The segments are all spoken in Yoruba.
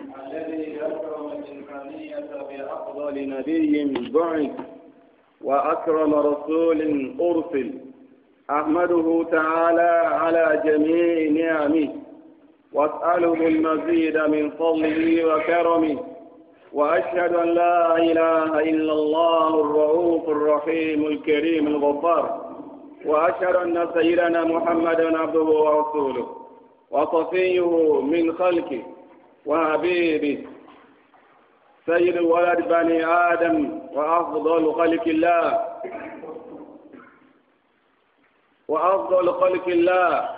الذي أكرم الإنسانية بأفضل نبي بعث وأكرم رسول أرسل أحمده تعالى على جميع نعمه وأسأله المزيد من فضله وكرمه وأشهد أن لا إله إلا الله الرؤوف الرحيم الكريم الغفار وأشهد أن سيدنا محمدا عبده ورسوله وصفيه من خلقه وحبيبي سيد ولد بني آدم وأفضل خلق الله وأفضل خلق الله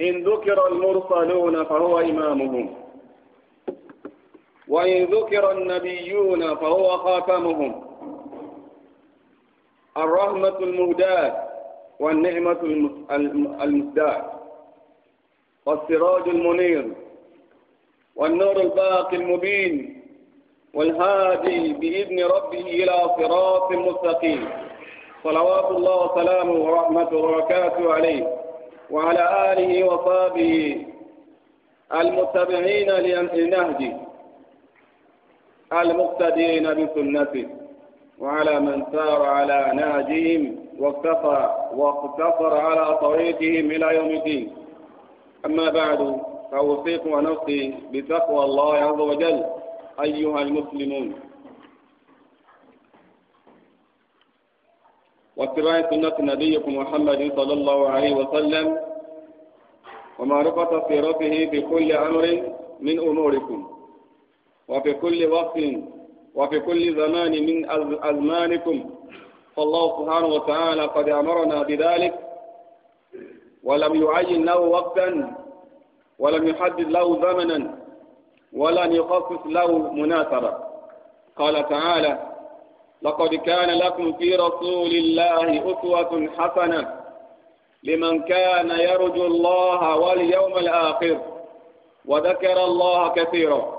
إن ذكر المرسلون فهو إمامهم وإن ذكر النبيون فهو خاتمهم الرحمة المهداة والنعمة المسداة والسراج المنير والنور الباقي المبين والهادي بإذن ربه إلى صراط مستقيم صلوات الله وسلامه ورحمته وبركاته عليه وعلى آله وصحبه المتبعين لنهجه المقتدين بسنته وعلى من سار على نهجهم واقتفى واقتصر على طريقهم إلى يوم الدين أما بعد فأوصيكم ونفسي بتقوى الله عز وجل أيها المسلمون واتباع سنة نبيكم محمد صلى الله عليه وسلم ومعرفة سيرته في كل أمر من أموركم وفي كل وقت وفي كل زمان من أزمانكم فالله سبحانه وتعالى قد أمرنا بذلك ولم يعين له وقتا ولم يحدد له زمنا ولم يخصص له مناسبة قال تعالى لقد كان لكم في رسول الله أسوة حسنة لمن كان يرجو الله واليوم الآخر وذكر الله كثيرا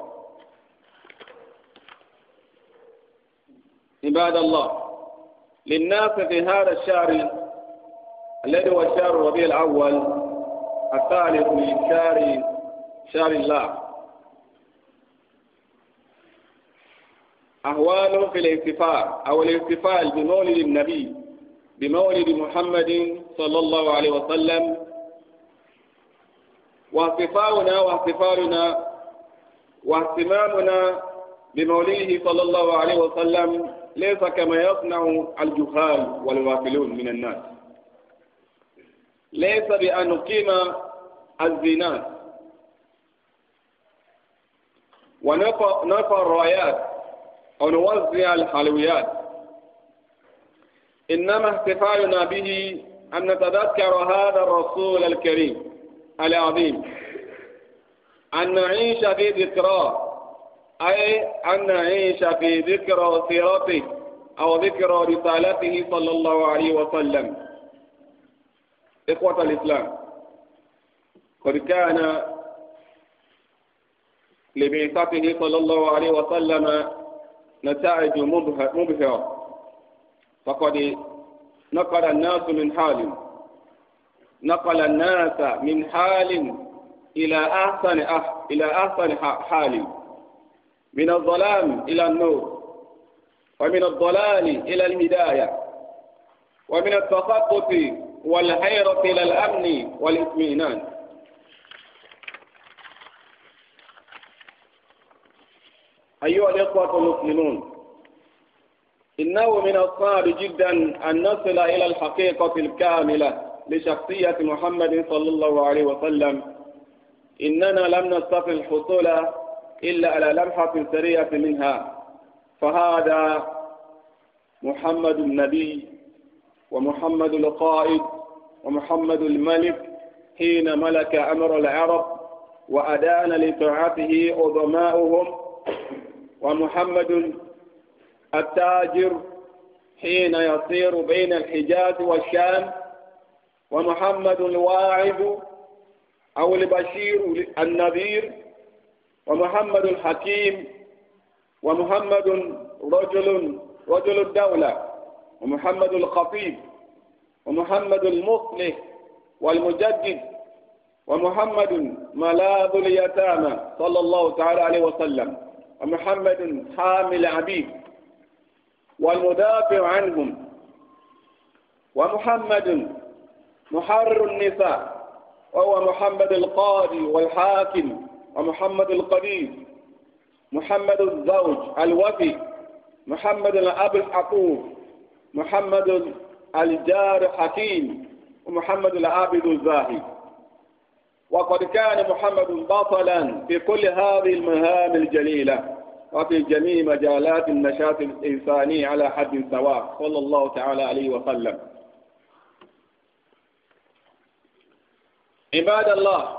عباد الله للناس في هذا الشهر الذي هو الشهر ربيع الأول الثالث من شار شار الله أهوال في الاحتفال أو الاحتفال بمولد النبي بمولد محمد صلى الله عليه وسلم واحتفالنا واحتفالنا واهتمامنا بموليه صلى الله عليه وسلم ليس كما يصنع الجهال والغافلون من الناس ليس بأن نقيم الزينات ونفى الرايات ونوزع الحلويات إنما احتفالنا به أن نتذكر هذا الرسول الكريم العظيم أن نعيش في ذكراه أي أن نعيش في ذكرى سيرته أو ذكرى رسالته صلى الله عليه وسلم إخوة الإسلام قد كان لبعثته صلى الله عليه وسلم نتائج مبهرة فقد نقل الناس من حال نقل الناس من حال إلى أحسن إلى أحسن حال من الظلام إلى النور ومن الضلال إلى الهداية ومن التخطف والحيرة إلى الأمن والإطمئنان أيها الإخوة المسلمون إنه من الصعب جدا أن نصل إلى الحقيقة الكاملة لشخصية محمد صلى الله عليه وسلم إننا لم نستطع الحصول إلا على لمحة سريعة منها فهذا محمد النبي ومحمد القائد ومحمد الملك حين ملك أمر العرب وأدان لطاعته عظماؤهم ومحمد التاجر حين يصير بين الحجاز والشام ومحمد الواعظ أو البشير النذير ومحمد الحكيم ومحمد رجل رجل الدولة ومحمد الخطيب ومحمد المصلح والمجدد ومحمد ملاذ اليتامى صلى الله تعالى عليه وسلم ومحمد حامل عبيد والمدافع عنهم ومحمد محرر النساء وهو محمد القاضي والحاكم ومحمد القدير محمد الزوج الوفي محمد الأب الحقوق محمد الجار حكيم ومحمد العابد الزاهد وقد كان محمد بطلا في كل هذه المهام الجليلة وفي جميع مجالات النشاط الإنساني على حد سواء صلى الله تعالى عليه وسلم عباد الله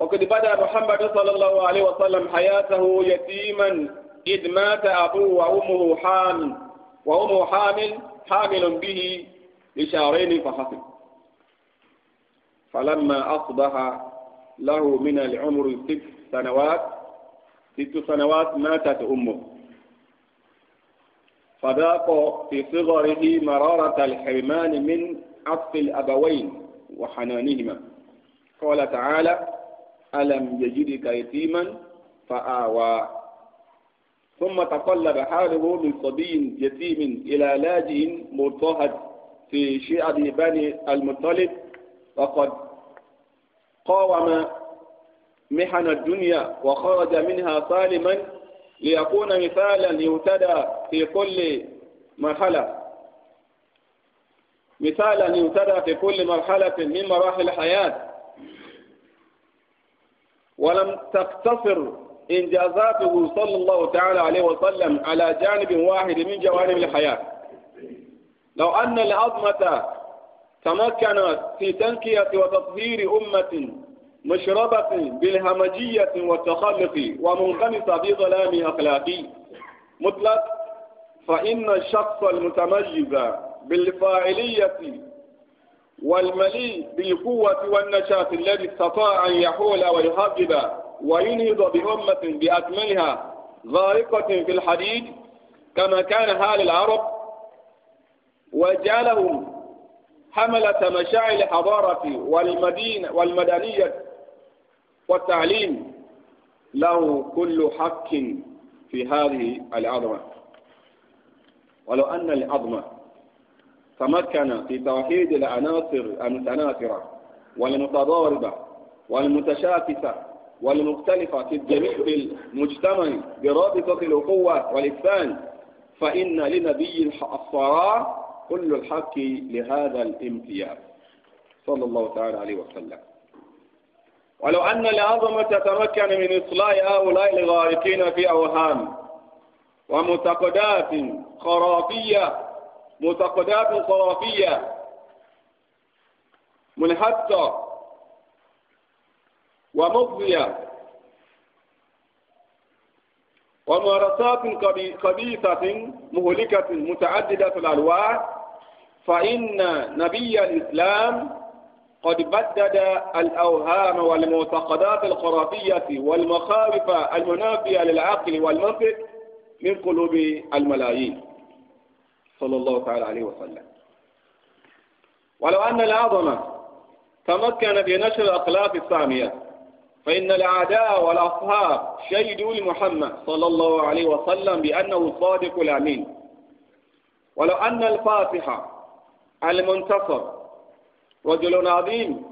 وقد بدأ محمد صلى الله عليه وسلم حياته يتيما إذ مات أبوه وأمه حامل وهم حامل حامل به لشهرين فحسب فلما أصبح له من العمر ست سنوات ست سنوات ماتت أمه فذاق في صغره مرارة الحرمان من عطف الأبوين وحنانهما قال تعالى ألم يجدك يتيما فآوى ثم تقلب حاله من صبي يتيم إلى لاجئ مضطهد في شعب بني المطلب وقد قاوم محن الدنيا وخرج منها سالما ليكون مثالا يهتدى في كل مرحلة مثالا يهتدى في كل مرحلة من مراحل الحياة ولم تقتصر إنجازاته صلى الله تعالى عليه وسلم على جانب واحد من جوانب الحياة لو أن العظمة تمكنت في تنكية وتطهير أمة مشربة بالهمجية والتخلق ومنغمسة بظلام أخلاقي مطلق فإن الشخص المتميز بالفاعلية والمليء بالقوة والنشاط الذي استطاع أن يحول ويهذب وينهض بأمة بأكملها ضارقة في الحديد كما كان حال العرب وجعلهم حملة مشاعر الحضارة والمدينة والمدنية والتعليم له كل حق في هذه العظمة ولو أن العظمة تمكن في توحيد العناصر المتناثرة والمتضاربة والمتشاكسة والمختلفة في الجميع في المجتمع برابطة القوة والإحسان فإن لنبي الصراع كل الحق لهذا الامتياز صلى الله تعالى عليه وسلم ولو أن العظمة تتمكن من إصلاح هؤلاء الغارقين في أوهام ومعتقدات خرافية معتقدات خرافية منحطة ومضيا وممارسات خبيثة مهلكة متعددة الألوان فإن نبي الإسلام قد بدد الأوهام والمعتقدات الخرافية والمخاوف المنافية للعقل والمنطق من قلوب الملايين صلى الله تعالى عليه وسلم ولو أن العظمة تمكن بنشر الأخلاق السامية فإن الأعداء والأصحاب شهدوا لمحمد صلى الله عليه وسلم بأنه الصادق الأمين ولو أن الفاتحة المنتصر رجل عظيم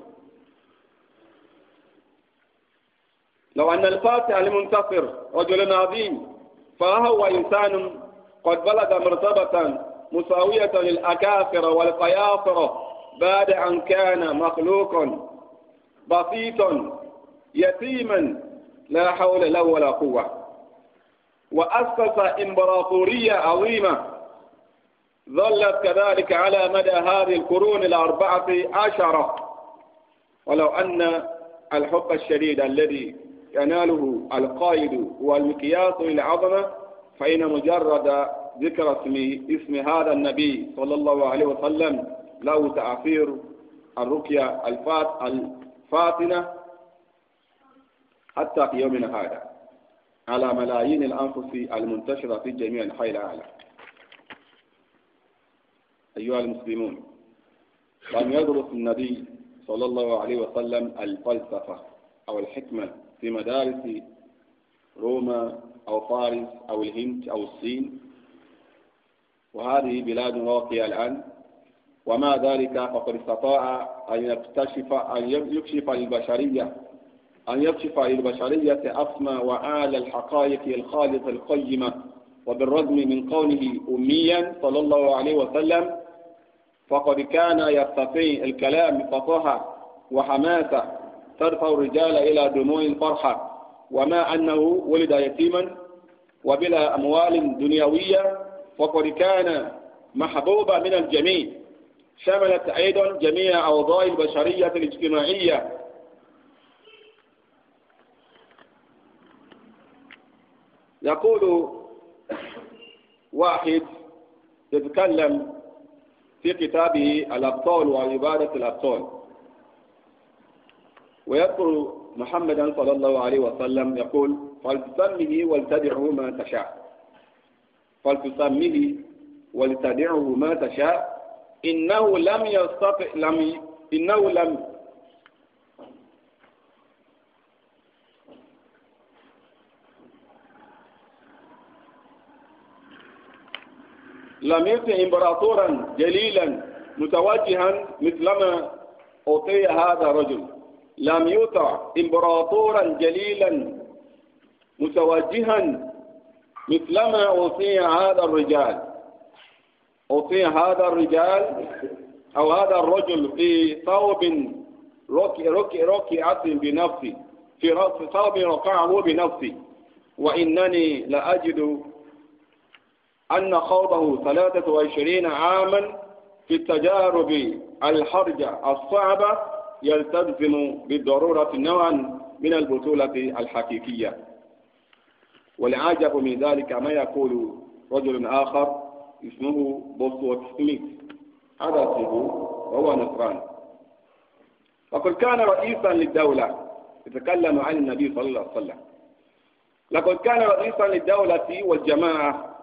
لو أن الفاتح المنتصر رجل عظيم فهو إنسان قد بلغ مرتبة مساوية للأكافر والقياصرة بعد أن كان مخلوقا بسيطا يتيما لا حول له ولا قوة وأسس إمبراطورية عظيمة ظلت كذلك على مدى هذه القرون الأربعة عشرة ولو أن الحب الشديد الذي يناله القائد هو المقياس للعظمة فإن مجرد ذكر اسم اسم هذا النبي صلى الله عليه وسلم له تأثير الرقية الفاتنة حتى في يومنا هذا على ملايين الأنفس المنتشرة في جميع أنحاء العالم أيها المسلمون لم يدرس النبي صلى الله عليه وسلم الفلسفة أو الحكمة في مدارس روما أو فارس أو الهند أو الصين وهذه بلاد واقية الآن ومع ذلك فقد استطاع أن يكتشف أن يكشف للبشرية أن يكشف للبشرية أصمى وأعلى الحقائق الخالصة القيمة وبالرغم من قوله أميا صلى الله عليه وسلم فقد كان يستطيع الكلام بفصاحة وحماسة ترفع الرجال إلى دموع الفرحة وما أنه ولد يتيما وبلا أموال دنيوية فقد كان محبوبا من الجميع شملت أيضا جميع أوضاع البشرية الاجتماعية يقول واحد يتكلم في كتابه الأبطال وعبادة الأبطال ويذكر محمدا صلى الله عليه وسلم يقول فلتسمه ولتدعه ما تشاء فلتسمه ولتدعه ما تشاء إنه لم يستطع لم إنه لم لم يكن إمبراطورا جليلا متوجها مثلما أعطي هذا الرجل لم يطع إمبراطورا جليلا متوجها مثلما أعطي هذا الرجال أعطي هذا الرجال أو هذا الرجل في ثوب ركعة ركع ركع بنفسي في ثوب رقعه بنفسي وإنني لأجد أن خوضه 23 عاما في التجارب الحرجة الصعبة يلتزم بالضرورة نوعا من البطولة الحقيقية والعجب من ذلك ما يقول رجل آخر اسمه بوسوت سميث هذا اسمه وهو نصران فقد كان رئيسا للدولة يتكلم عن النبي صلى الله عليه وسلم لقد كان رئيسا للدولة والجماعة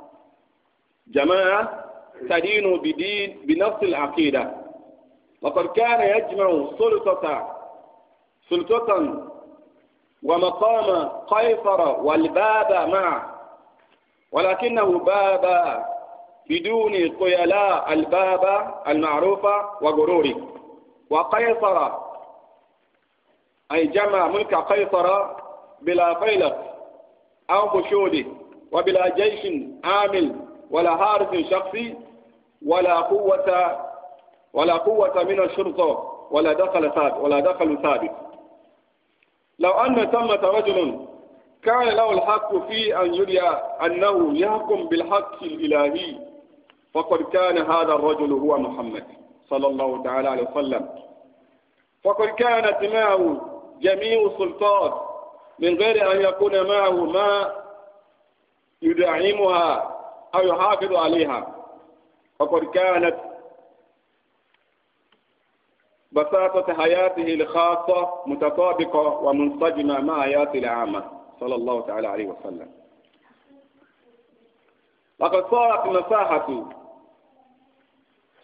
جماعة تدين بدين بنفس العقيدة وقد كان يجمع سلطة سلطة ومقام قيصر والباب معه ولكنه باب بدون قيلاء الباب المعروفة وغرور وقيصر أي جمع ملك قيصر بلا فيلق أو بشود وبلا جيش عامل ولا حارس شخصي ولا قوة ولا قوة من الشرطة ولا دخل ثابت ولا دخل ثابت لو أن ثمة رجل كان له الحق في أن يري أنه يحكم بالحق الإلهي فقد كان هذا الرجل هو محمد صلى الله تعالى عليه وسلم فقد كانت معه جميع السلطات من غير أن يكون معه ما يدعمها أو يحافظ عليها فقد كانت بساطة حياته الخاصة متطابقة ومنسجمة مع حياته العامة صلى الله تعالى عليه وسلم لقد صارت مساحة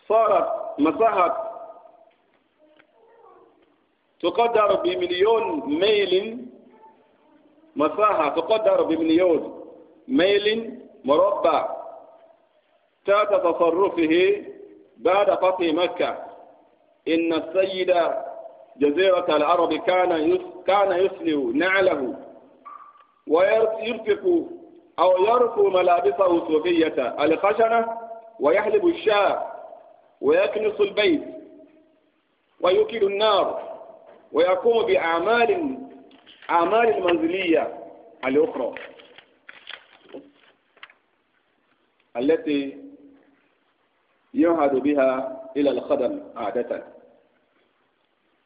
صارت مساحة تقدر بمليون ميل مساحة تقدر بمليون ميل مربع شاة تصرفه بعد فتح مكة إن السيد جزيرة العرب كان كان يسلو نعله ويرفق أو يرفو ملابسه صوفية الخشنة ويحلب الشاة ويكنس البيت ويوكل النار ويقوم بأعمال أعمال المنزلية الأخرى التي يعهد بها إلى الخدم عادة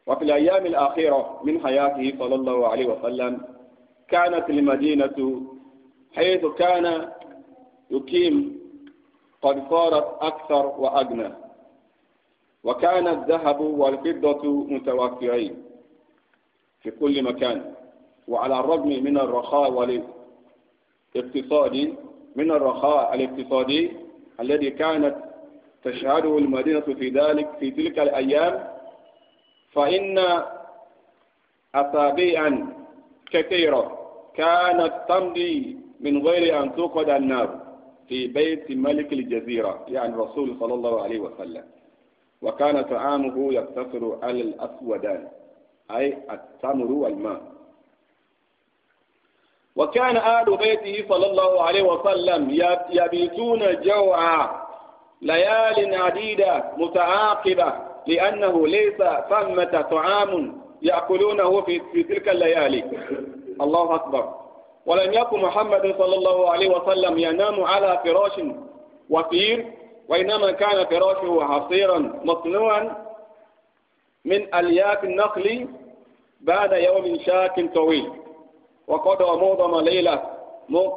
وفي الأيام الأخيرة من حياته صلى الله عليه وسلم كانت المدينة حيث كان يقيم قد صارت أكثر وأغنى وكان الذهب والفضة متوفرين في كل مكان وعلى الرغم من الرخاء والاقتصادي من الرخاء الاقتصادي الذي كانت تشهده المدينة في ذلك في تلك الأيام فإن أصابيعا كثيرة كانت تمضي من غير أن توقد النار في بيت ملك الجزيرة يعني الرسول صلى الله عليه وسلم وكان طعامه يقتصر على الأسودان أي التمر والماء وكان أهل بيته صلى الله عليه وسلم يبيتون جوعا ليال عديدة متعاقبة لأنه ليس ثمة طعام يأكلونه في, تلك الليالي الله أكبر ولم يكن محمد صلى الله عليه وسلم ينام على فراش وفير وإنما كان فراشه حصيرا مصنوعا من ألياف النخل بعد يوم شاك طويل وقضى معظم ليلة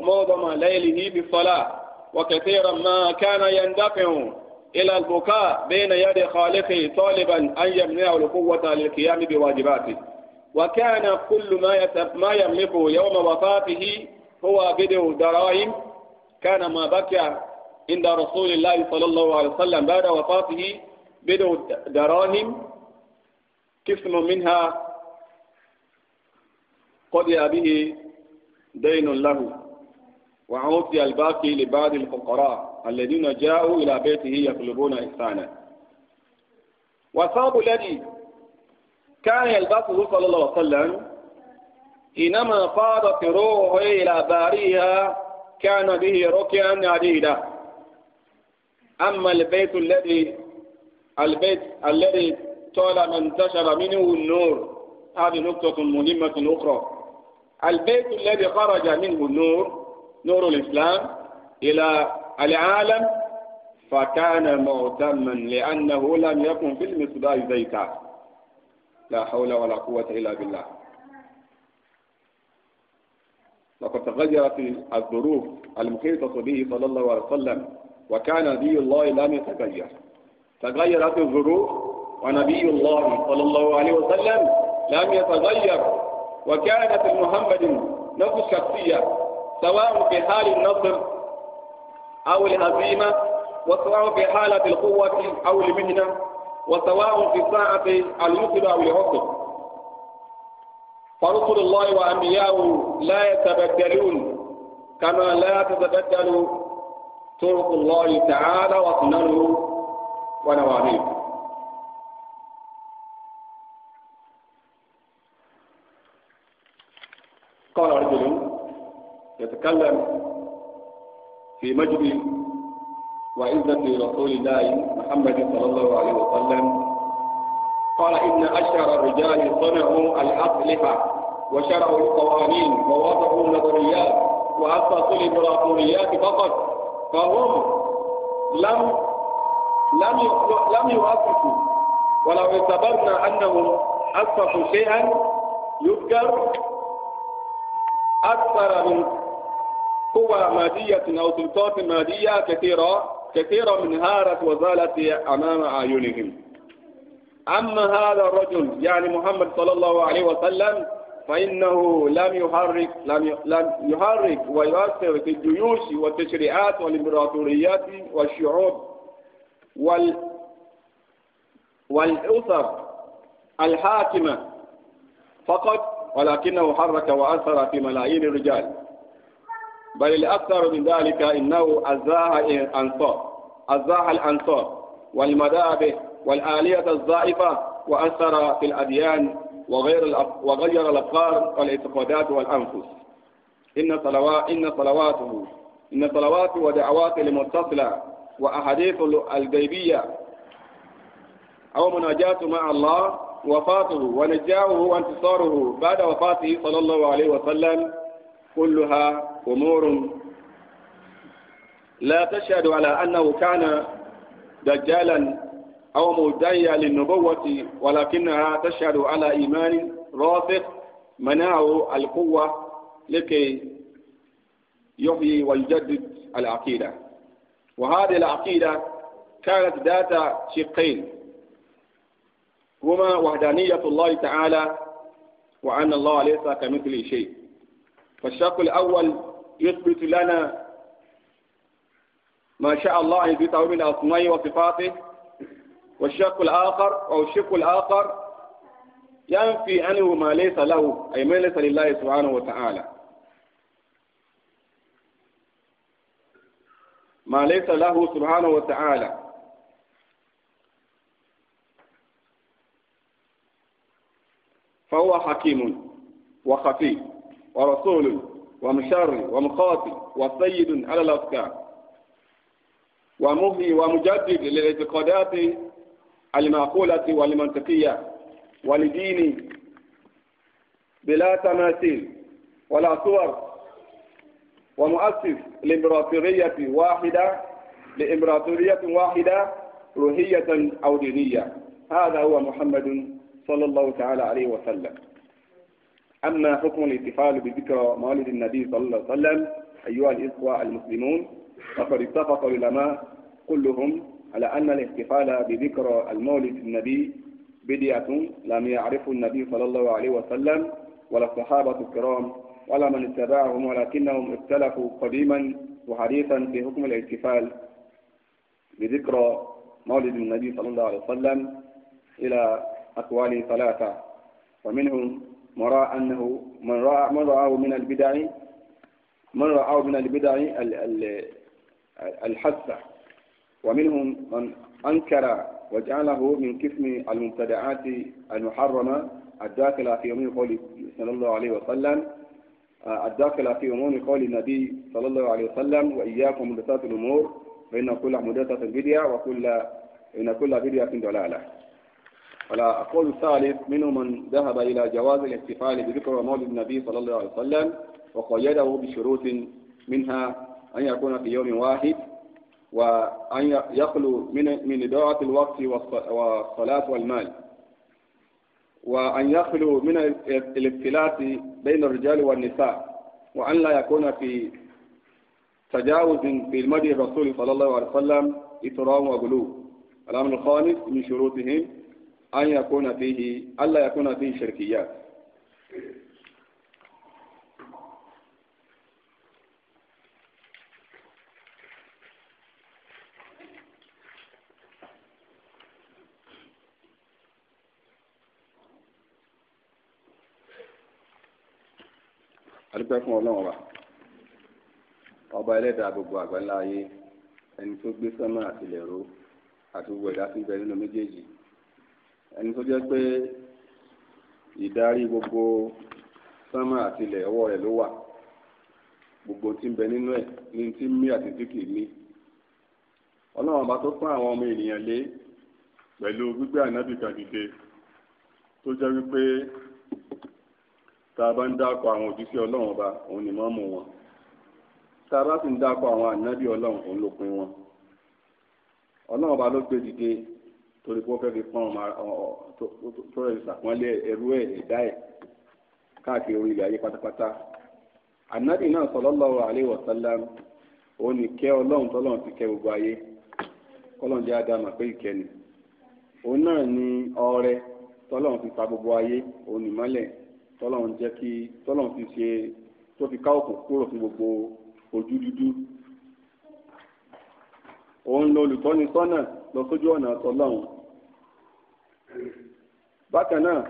معظم ليله بالصلاة وكثيرا ما كان يندفع إلى البكاء بين يد خالقه طالبا أن يمنع القوة للقيام بواجباته وكان كل ما ما يملكه يوم وفاته هو بدء دراهم كان ما بكى عند رسول الله صلى الله عليه وسلم بعد وفاته بدء دراهم قسم منها قضي به دين له وعود الباقي لبعض الفقراء الذين جاءوا إلى بيته يطلبون إحسانا وصاب الذي كان يلبسه صلى الله عليه وسلم إنما فاضت روحه إلى باريها كان به ركيا عديدا أما البيت الذي البيت الذي طالما انتشر منه النور هذه نقطة مهمة أخرى البيت الذي خرج منه النور نور الإسلام إلى العالم فكان مهتما لأنه لم يكن في المصباح زيتا لا حول ولا قوة إلا بالله لقد تغيرت الظروف المحيطة به صلى الله عليه وسلم وكان نبي الله لم يتغير تغيرت الظروف ونبي الله صلى الله عليه وسلم لم يتغير وكانت محمد نفس الشخصية سواء في حال النصر أو الهزيمة وسواء في حالة القوة أو المهنة وسواء في ساعة اليسر أو العسر فرسل الله وأنبياؤه لا يتبدلون كما لا تتبدل طرق الله تعالى وسننه ونواميه تتكلم في مجد وعزة رسول الله محمد صلى الله عليه وسلم قال إن أشهر الرجال صنعوا الأصلحة وشرعوا القوانين ووضعوا النظريات وأسسوا الإمبراطوريات فقط فهم لم لم لم يؤسسوا ولو اعتبرنا أنهم أسسوا شيئا يذكر أكثر من قوى مادية أو سلطات مادية كثيرة كثيرة من هارت وزالت أمام أعينهم أما هذا الرجل يعني محمد صلى الله عليه وسلم فإنه لم يحرك لم لم يحرك ويؤثر في الجيوش والتشريعات والإمبراطوريات والشعوب وال والأسر الحاكمة فقط ولكنه حرك وأثر في ملايين الرجال بل الأكثر من ذلك إنه أزاح الأنصار أزاح الأنصار والمذاهب والآلية الزائفة وأثر في الأديان وغير وغير الأفكار والاعتقادات والأنفس إن صلوات إن صلواته إن صلواته ودعواته المتصلة وأحاديث الغيبية أو مناجاته مع الله وفاته ونجاؤه وانتصاره بعد وفاته صلى الله عليه وسلم كلها أمور لا تشهد على أنه كان دجالا أو مدعيا للنبوة ولكنها تشهد على إيمان رافق منعه القوة لكي يحيي ويجدد العقيدة وهذه العقيدة كانت ذات شقين هما وحدانية الله تعالى وأن الله ليس كمثله شيء فالشق الأول يثبت لنا ما شاء الله يعني في من الأسماء وصفاته والشق الآخر أو الشق الآخر ينفي عنه ما ليس له أي ما ليس لله سبحانه وتعالى ما ليس له سبحانه وتعالى فهو حكيم وخفي ورسول ومشر ومقاضي وسيد على الأفكار ومهي ومجدد للاعتقادات المعقولة والمنطقية ولدين بلا تماثيل ولا صور ومؤسس لإمبراطورية واحدة لإمبراطورية واحدة روحية أو دينية هذا هو محمد صلى الله تعالى عليه وسلم أما حكم الاحتفال بذكرى مولد النبي صلى الله عليه وسلم أيها الإخوة المسلمون فقد اتفق العلماء كلهم على أن الاحتفال بذكرى المولد النبي بدعة لم يعرفه النبي صلى الله عليه وسلم ولا الصحابة الكرام ولا من اتبعهم ولكنهم اختلفوا قديما وحديثا في حكم الاحتفال بذكرى مولد النبي صلى الله عليه وسلم إلى أقوال ثلاثة ومنهم من أنه من رأى من رآه من البدع من رآه من البدع الحسة ومنهم من أنكر وجعله من قسم المبتدعات المحرمة الداخلة في يوم قول صلى الله عليه وسلم آه، الداخلة في يوم قول النبي صلى الله عليه وسلم وإياكم مدسات الأمور فإن كل محدثة البدع وكل إن كل بدعة ضلالة أقول الثالث منهم من ذهب إلى جواز الاحتفال بذكر مولد النبي صلى الله عليه وسلم وقيده بشروط منها أن يكون في يوم واحد وأن يخلو من من إضاعة الوقت والصلاة والمال وأن يخلو من الاختلاط بين الرجال والنساء وأن لا يكون في تجاوز في المدي الرسول صلى الله عليه وسلم إثرام وغلو الأمر الخامس من شروطهم an yakuna fihi Allah ya fihi shirkiyat adúpẹ́ fún ọlọ́run wa ọba ẹlẹ́dàá gbogbo àgbáńlá ayé ẹni tó gbé àti gbogbo ẹni tó jẹ́ pé ìdarí gbogbo sánmà àti ilẹ̀ ọwọ́ rẹ̀ ló wà gbogbo tí ń bẹ nínú ẹ̀ ní tí mí àti tí kì í mí ọlọ́run bá tó pọ́n àwọn ọmọ ènìyàn lé pẹ̀lú gbígbé ànábì kan dìde tó jẹ́ wípé tá a bá ń dákọ̀ àwọn òjíṣẹ́ ọlọ́run ọba òun ni mọ́ mú wọn tá a bá sì ń dákọ̀ àwọn ànábì ọlọ́run òun ló pin wọn ọlọ́run ọba ló gbé dìde torí pé ó fẹ́ fi pọ́n tó rẹ̀ ṣàpọ́nlé ẹrú ẹ̀ ẹ̀dá ẹ̀ káàkiri orí ilẹ̀ ayé pátápátá ànábì náà sallallahu alaihi wasallam ó ní kẹ́ ọlọ́run tọ́lọ́run ti kẹ́ gbogbo ayé kọ́lọ́run jẹ́ ádámà pé ìkẹ́ni òun náà ní ọrẹ tọ́lọ́run fi pa gbogbo ayé òun nìmọ́lẹ̀ tọ́lọ́run jẹ́ kí tọ́lọ́run fi ṣe tó fi ká òkun kúrò fún gbogbo ojú dúdú òun lolùtọ́ni sọ́nà lọ sójú ọ̀nà tọ́lọ́run bákan náà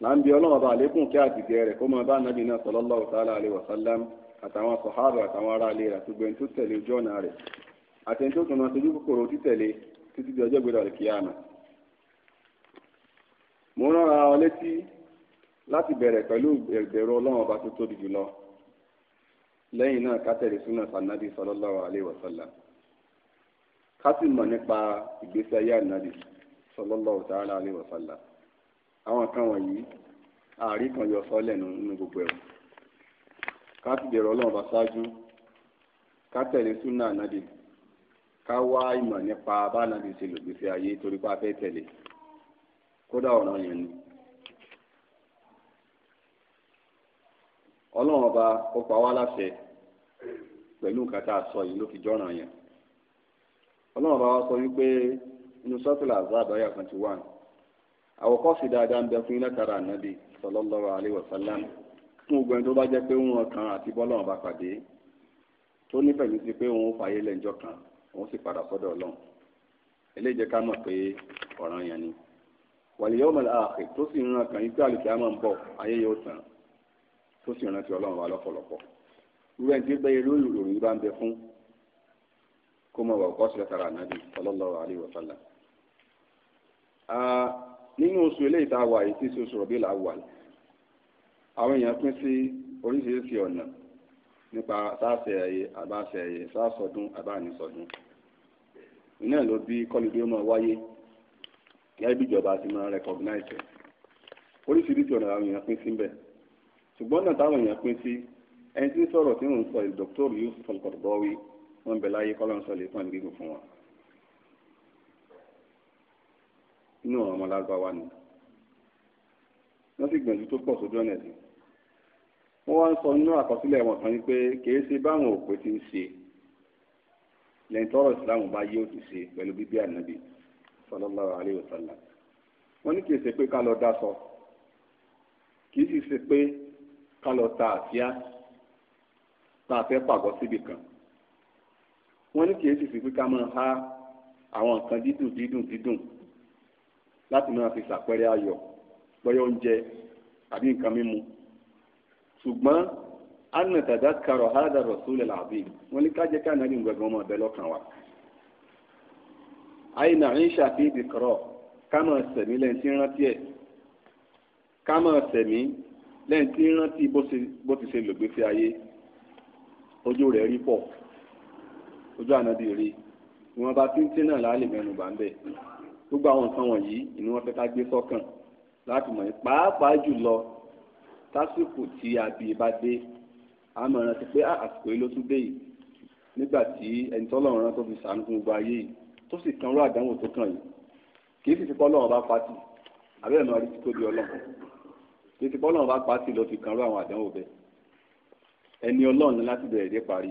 là ń bi ọlọ́run ọba àlékún kí àtìgẹ́ rẹ̀ kó máa bá nàbì náà sallallahu ta'ala alaihi wasallam àtàwọn sọ̀hábà àtàwọn ará ilé rẹ̀ àtúgbẹ́ tó tẹ̀lé ojú ọ̀nà rẹ̀ àtẹ̀ntó tó máa sojú kòkòrò títẹ̀lé títí di ọjọ́ ìgbéra rẹ̀ mo rọra ọ létí láti bẹ̀rẹ̀ pẹ̀lú ọlọ́run ọba tó kasi sì mọ̀ nípa ìgbésí ayé ànábì sallallahu ta'ala alaihi wa àwọn kan wọ̀nyí a kan yọ sọ nínú gbogbo ẹ̀wọ̀n kasi sì bẹ̀rẹ̀ bá ṣáájú ká tẹ̀lé súnà ànábì ká wá ìmọ̀ nípa bá ànábì ṣe lògbèsè ayé torí pé a fẹ́ kódà ọ̀ràn yẹn ni. ọlọ́run ọba ó pa wá sọ yìí ló fi ọlọ́run bá wa sọ wípé inú sọ́tìlà àzáàbá yà kan ti wà ní. àwòkọ́sì dáadáa ń bẹ fún ilẹ̀kara ànábì sallallahu alaihi wasallam fún gbogbo ẹni tó bá jẹ́ pé wọn kan àti bọ́lọ́run bá pàdé tó nífẹ̀ẹ́ mi sí pé òun fàyè lẹ́njọ́ kan òun sì padà sọ́dọ̀ ọlọ́run eléyìí jẹ́ ká mọ̀ pé ọ̀ràn yẹn ni wàlẹ̀ yóò mọ̀lẹ́ ààfẹ́ tó sì ran kàn yín pé àlùkìá kó mọ̀ wà kọ́ sí látara ànábì sallallahu alaihi wa sallam. nínú oṣù eléyìí tá a wà yìí tí sí oṣù Rabiul Awwal àwọn èèyàn pín sí oríṣiríṣi ọ̀nà nípa sáàsẹ̀ ẹ̀yẹ àbáṣẹ̀ ẹ̀yẹ sáàsọdún àbánisọdún iná ló bí kọ́lidé máa wáyé gẹ́gẹ́ bí ìjọba ti máa rẹkọgnáìsì oríṣiríṣi ọ̀nà àwọn èèyàn pín sí bẹ́ẹ̀ ṣùgbọ́n náà táwọn èèyàn pín sí ẹni tí ń sọ̀rọ̀ tí ń sọ ìdókítọ́rù Yusuf al wọ́n ń bẹ láyé kọ́lọ́n sọ lè fún àdúgbò fún wọn. inú àwọn ọmọ lágbáwá ni wọ́n sì gbìyànjú tó pọ̀ sójú ọ̀nà ẹ̀sìn. wọ́n wá ń sọ nínú àkọsílẹ̀ wọn kan ni pé kìí ṣe báwọn òpè ti ń ṣe lẹ́yìn tọ́rọ̀ ìsìláàmù bá yé òtún ṣe pẹ̀lú bíbí ànábì sallallahu alaihi wasallam wọ́n ní kìí ṣe pé ká lọ dá sọ kìí sì ṣe pé ká lọ ta àsíá tá a fẹ́ síbì kan wọ́n ní kìí sì sí pé ká máa há àwọn nǹkan dídùn dídùn dídùn láti máa fi ṣàpẹẹrẹ ayọ̀ bọ́yọ̀ oúnjẹ àbí nǹkan mímu ṣùgbọ́n anna dada karọ hada rasulil azim wọ́n ní ká jẹ́ ká nàbí gbẹgbẹ ọmọ ọbẹ lọ́kàn wa. àyìnà ń ṣàfihàn kọrọ ká máa sẹ̀mí lẹ́yìn tí ń rántí ẹ̀ ká máa sẹ̀mí lẹ́yìn tí ń rántí bó ti ṣe lògbé fi ayé ojú rẹ̀ rí pọ̀ ojú ànábì rí ìwọ̀n bá títí náà láàlè mẹ́nu bá ń bẹ̀ gbogbo àwọn nǹkan wọ̀nyí ni wọ́n fẹ́ ká gbé sọ́kàn láti mọ̀ ní pàápàá jùlọ tásìkò tí àbí bá dé àmọ́ rántí pé ah, àsìkò yìí ló tún dé yìí nígbà tí ẹni tó lọ́run rán tó fi sàánú fún gbogbo ayé yìí tó sì kan àdánwò tó kàn yìí kì í sì ti pọ́lọ́run bá pàtì àbẹ́rẹ́ náà rí ti tóbi ọlọ́run kì í ti pọ́lọ́run bá pàtì ló fi kan àwọn àdánwò bẹ́ẹ̀ ẹni ọlọ́run láti bẹ̀rẹ̀ dé parí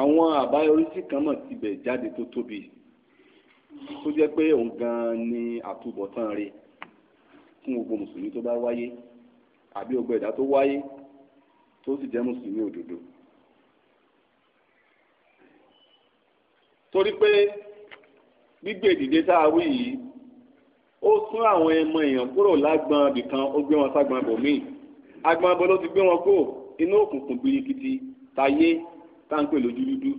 àwọn àbáyọrísí kan mọ̀ tibẹ̀ jáde tó tóbi tó jẹ́ pé òun gan-an ni àtúbọ̀tán rẹ̀ fún gbogbo mùsùlùmí tó bá wáyé àbí gbogbo ẹ̀dá tó wáyé tó sì jẹ́ mùsùlùmí òdodo. torí pé gbígbé ìdìde tá a wí yìí ó sún àwọn ẹmọ èèyàn kúrò lágbọn ibìkan ó gbé wọn ságbọn ibòmíì agbọn abọ ló ti gbé wọn kó inú òkùnkùn birikiti tayé ta à pè lójú dúdú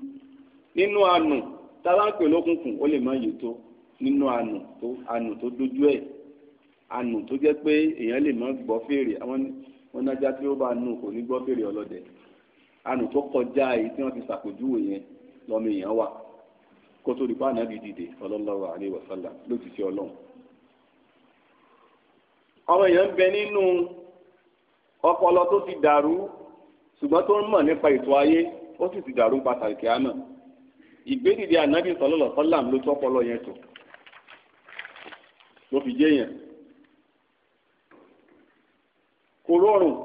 nínú àánú tá lókùnkùn ó lè má yé tó nínú àánú tó àánú tó dojú ẹ̀ àánú tó jẹ́ pé èèyàn lè má gbọ́ fèrè wọn tí ó bá nù kò ní gbọ́ ti yẹn lọ́mọ èèyàn wà kó tó di pa dìde ọlọ́run èèyàn bẹ nínú ọpọlọ tó ti dàrú ṣùgbọ́n tó ń mọ̀ nípa ó sì ti dàrú pàtàkì àmọ́ ìgbédìde ànábì sọlọlọ sọlám ló tọ́ ọpọlọ yẹn tó ló fi jẹ́ yẹn kò rọrùn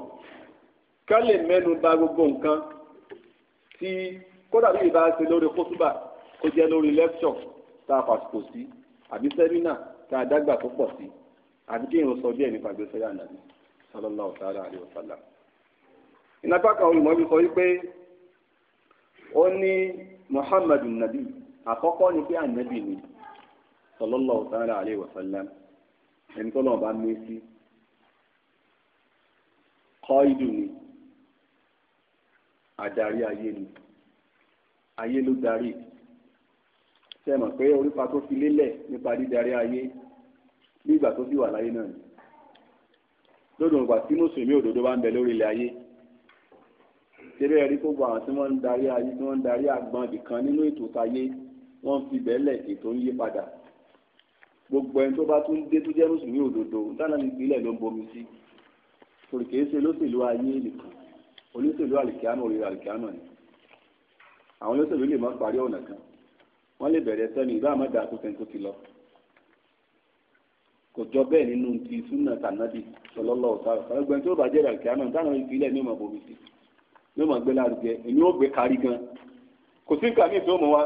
ká lè mẹ́nu bà gbogbo nǹkan tí kódà bí ìbá ṣe lórí kóṣùbà kó jẹ́ lórí lẹ́kṣọ̀ tá a fàṣìkò sí àbí sẹ́mínà tá a dágbà tó pọ̀ sí àbí kí èèyàn sọ díẹ̀ nípa ìgbésẹ̀ ànábì sọlọlọ sọlá àlè ọ̀sálà ìnáfà kan olùmọ̀ mi sọ wípé. ó ní muhammadu nabi àkọ́kọ́ ni pé ànábì ni sallallahu ta'ala alayhi wa ẹni tó lọ́wọ́ bá mí sí kọ́ ìdù ni adarí ayé ni ayé ló darí ṣe mọ̀ pé orípa tó fi lélẹ̀ nípa dídarí ayé bí tó sì wà láyé náà ni lódò ìgbà tí mùsùlùmí bá ń bẹ ayé tẹ́lẹ̀ ẹ̀rí gbogbo àwọn tí wọ́n ń darí ayé tí wọ́n ń darí àgbọ̀nbì kan nínú ètò tayé wọ́n fi bẹ́ẹ̀lẹ̀ ètò ń yí padà gbogbo ẹni tó bá tún dé tó jẹ́ mùsùlùmí òdodo dáná ní ìpínlẹ̀ ló ń bomi sí òrìkè ṣe lóṣèlú ayé nìkan olóṣèlú àlìkíámà òrìrì àlìkíámà ni àwọn olóṣèlú lè má parí ọ̀nà kan wọ́n lè bẹ̀rẹ̀ sẹ́ni ìbá àmọ́dá àtúntẹ̀ tó ti lọ kò jọ bẹ́ẹ̀ nínú ti súnà tànádì sọlọ́lọ́ ọ̀tá ọ̀gbẹ́ni tó bàjẹ́ àlìkíámà dáná ní ìpínlẹ̀ ní ìmọ̀ bomi sí yóò máa gbé lárugẹ èmi ò gbé kárí gan kò sí nǹkan míì tó mọ wa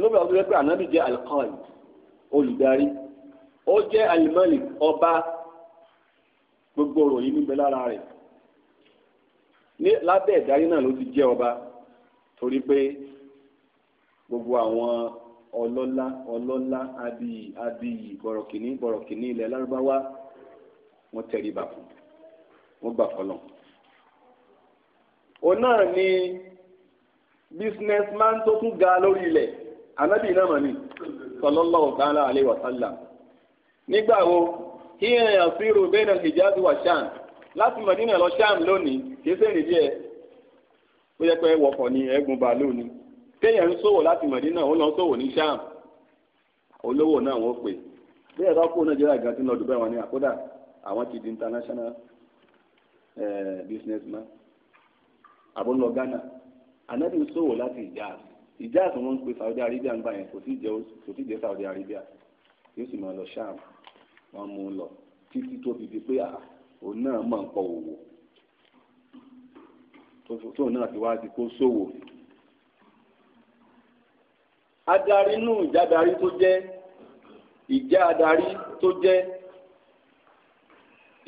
lóbi àwọn ọdún pé ànábì jẹ alikọọlì olùdarí ó jẹ alimọlì ọba gbogbo ròyìn níbẹ̀ lára rẹ̀ ní lábẹ́ ìdarí náà ló ti jẹ ọba torí pé gbogbo àwọn ọlọ́lá ọlọ́lá abiyì abiyì bọ̀rọ̀kìnní bọ̀rọ̀kìnní ilẹ̀ lárúbáwá wọ́n tẹríba fún wọ́n gbà fọlọ́n òun náà ni businessman tó tún ga lórí ilẹ̀ anábì náà mọ̀ ni sallallahu ta'ala alayhi wa sallam nígbà wo hiya yasiru bayna al-Hijaz wa Sham láti Madina lọ Sham lónìí kì í sẹ́yìn díẹ̀ ó yẹ pé wọ̀kọ̀ ni ẹ̀gùn bá lónìí kéèyàn ń ṣòwò láti Madina ó lọ ṣòwò ní Sham olówó náà wọ́n pè bí ẹ̀rọ kó Nàìjíríà gan ti lọ Dubai wọn ni àkódà àwọn ti di international eh, businessman àbọ̀lọ Ghana ànábì sòwò láti Hijaz Hijaz wọn ń pe Saudi Arabia ń gbà yẹn kò sí jẹ́ Saudi Arabia yóò sì máa lọ Sham wọn mú un lọ títí tó fi di pé ah, òun náà máa ń pọ òwò tóun náà ti wá di kó sòwò adarí nù ìjádari tó jẹ́ ìjá adarí tó jẹ́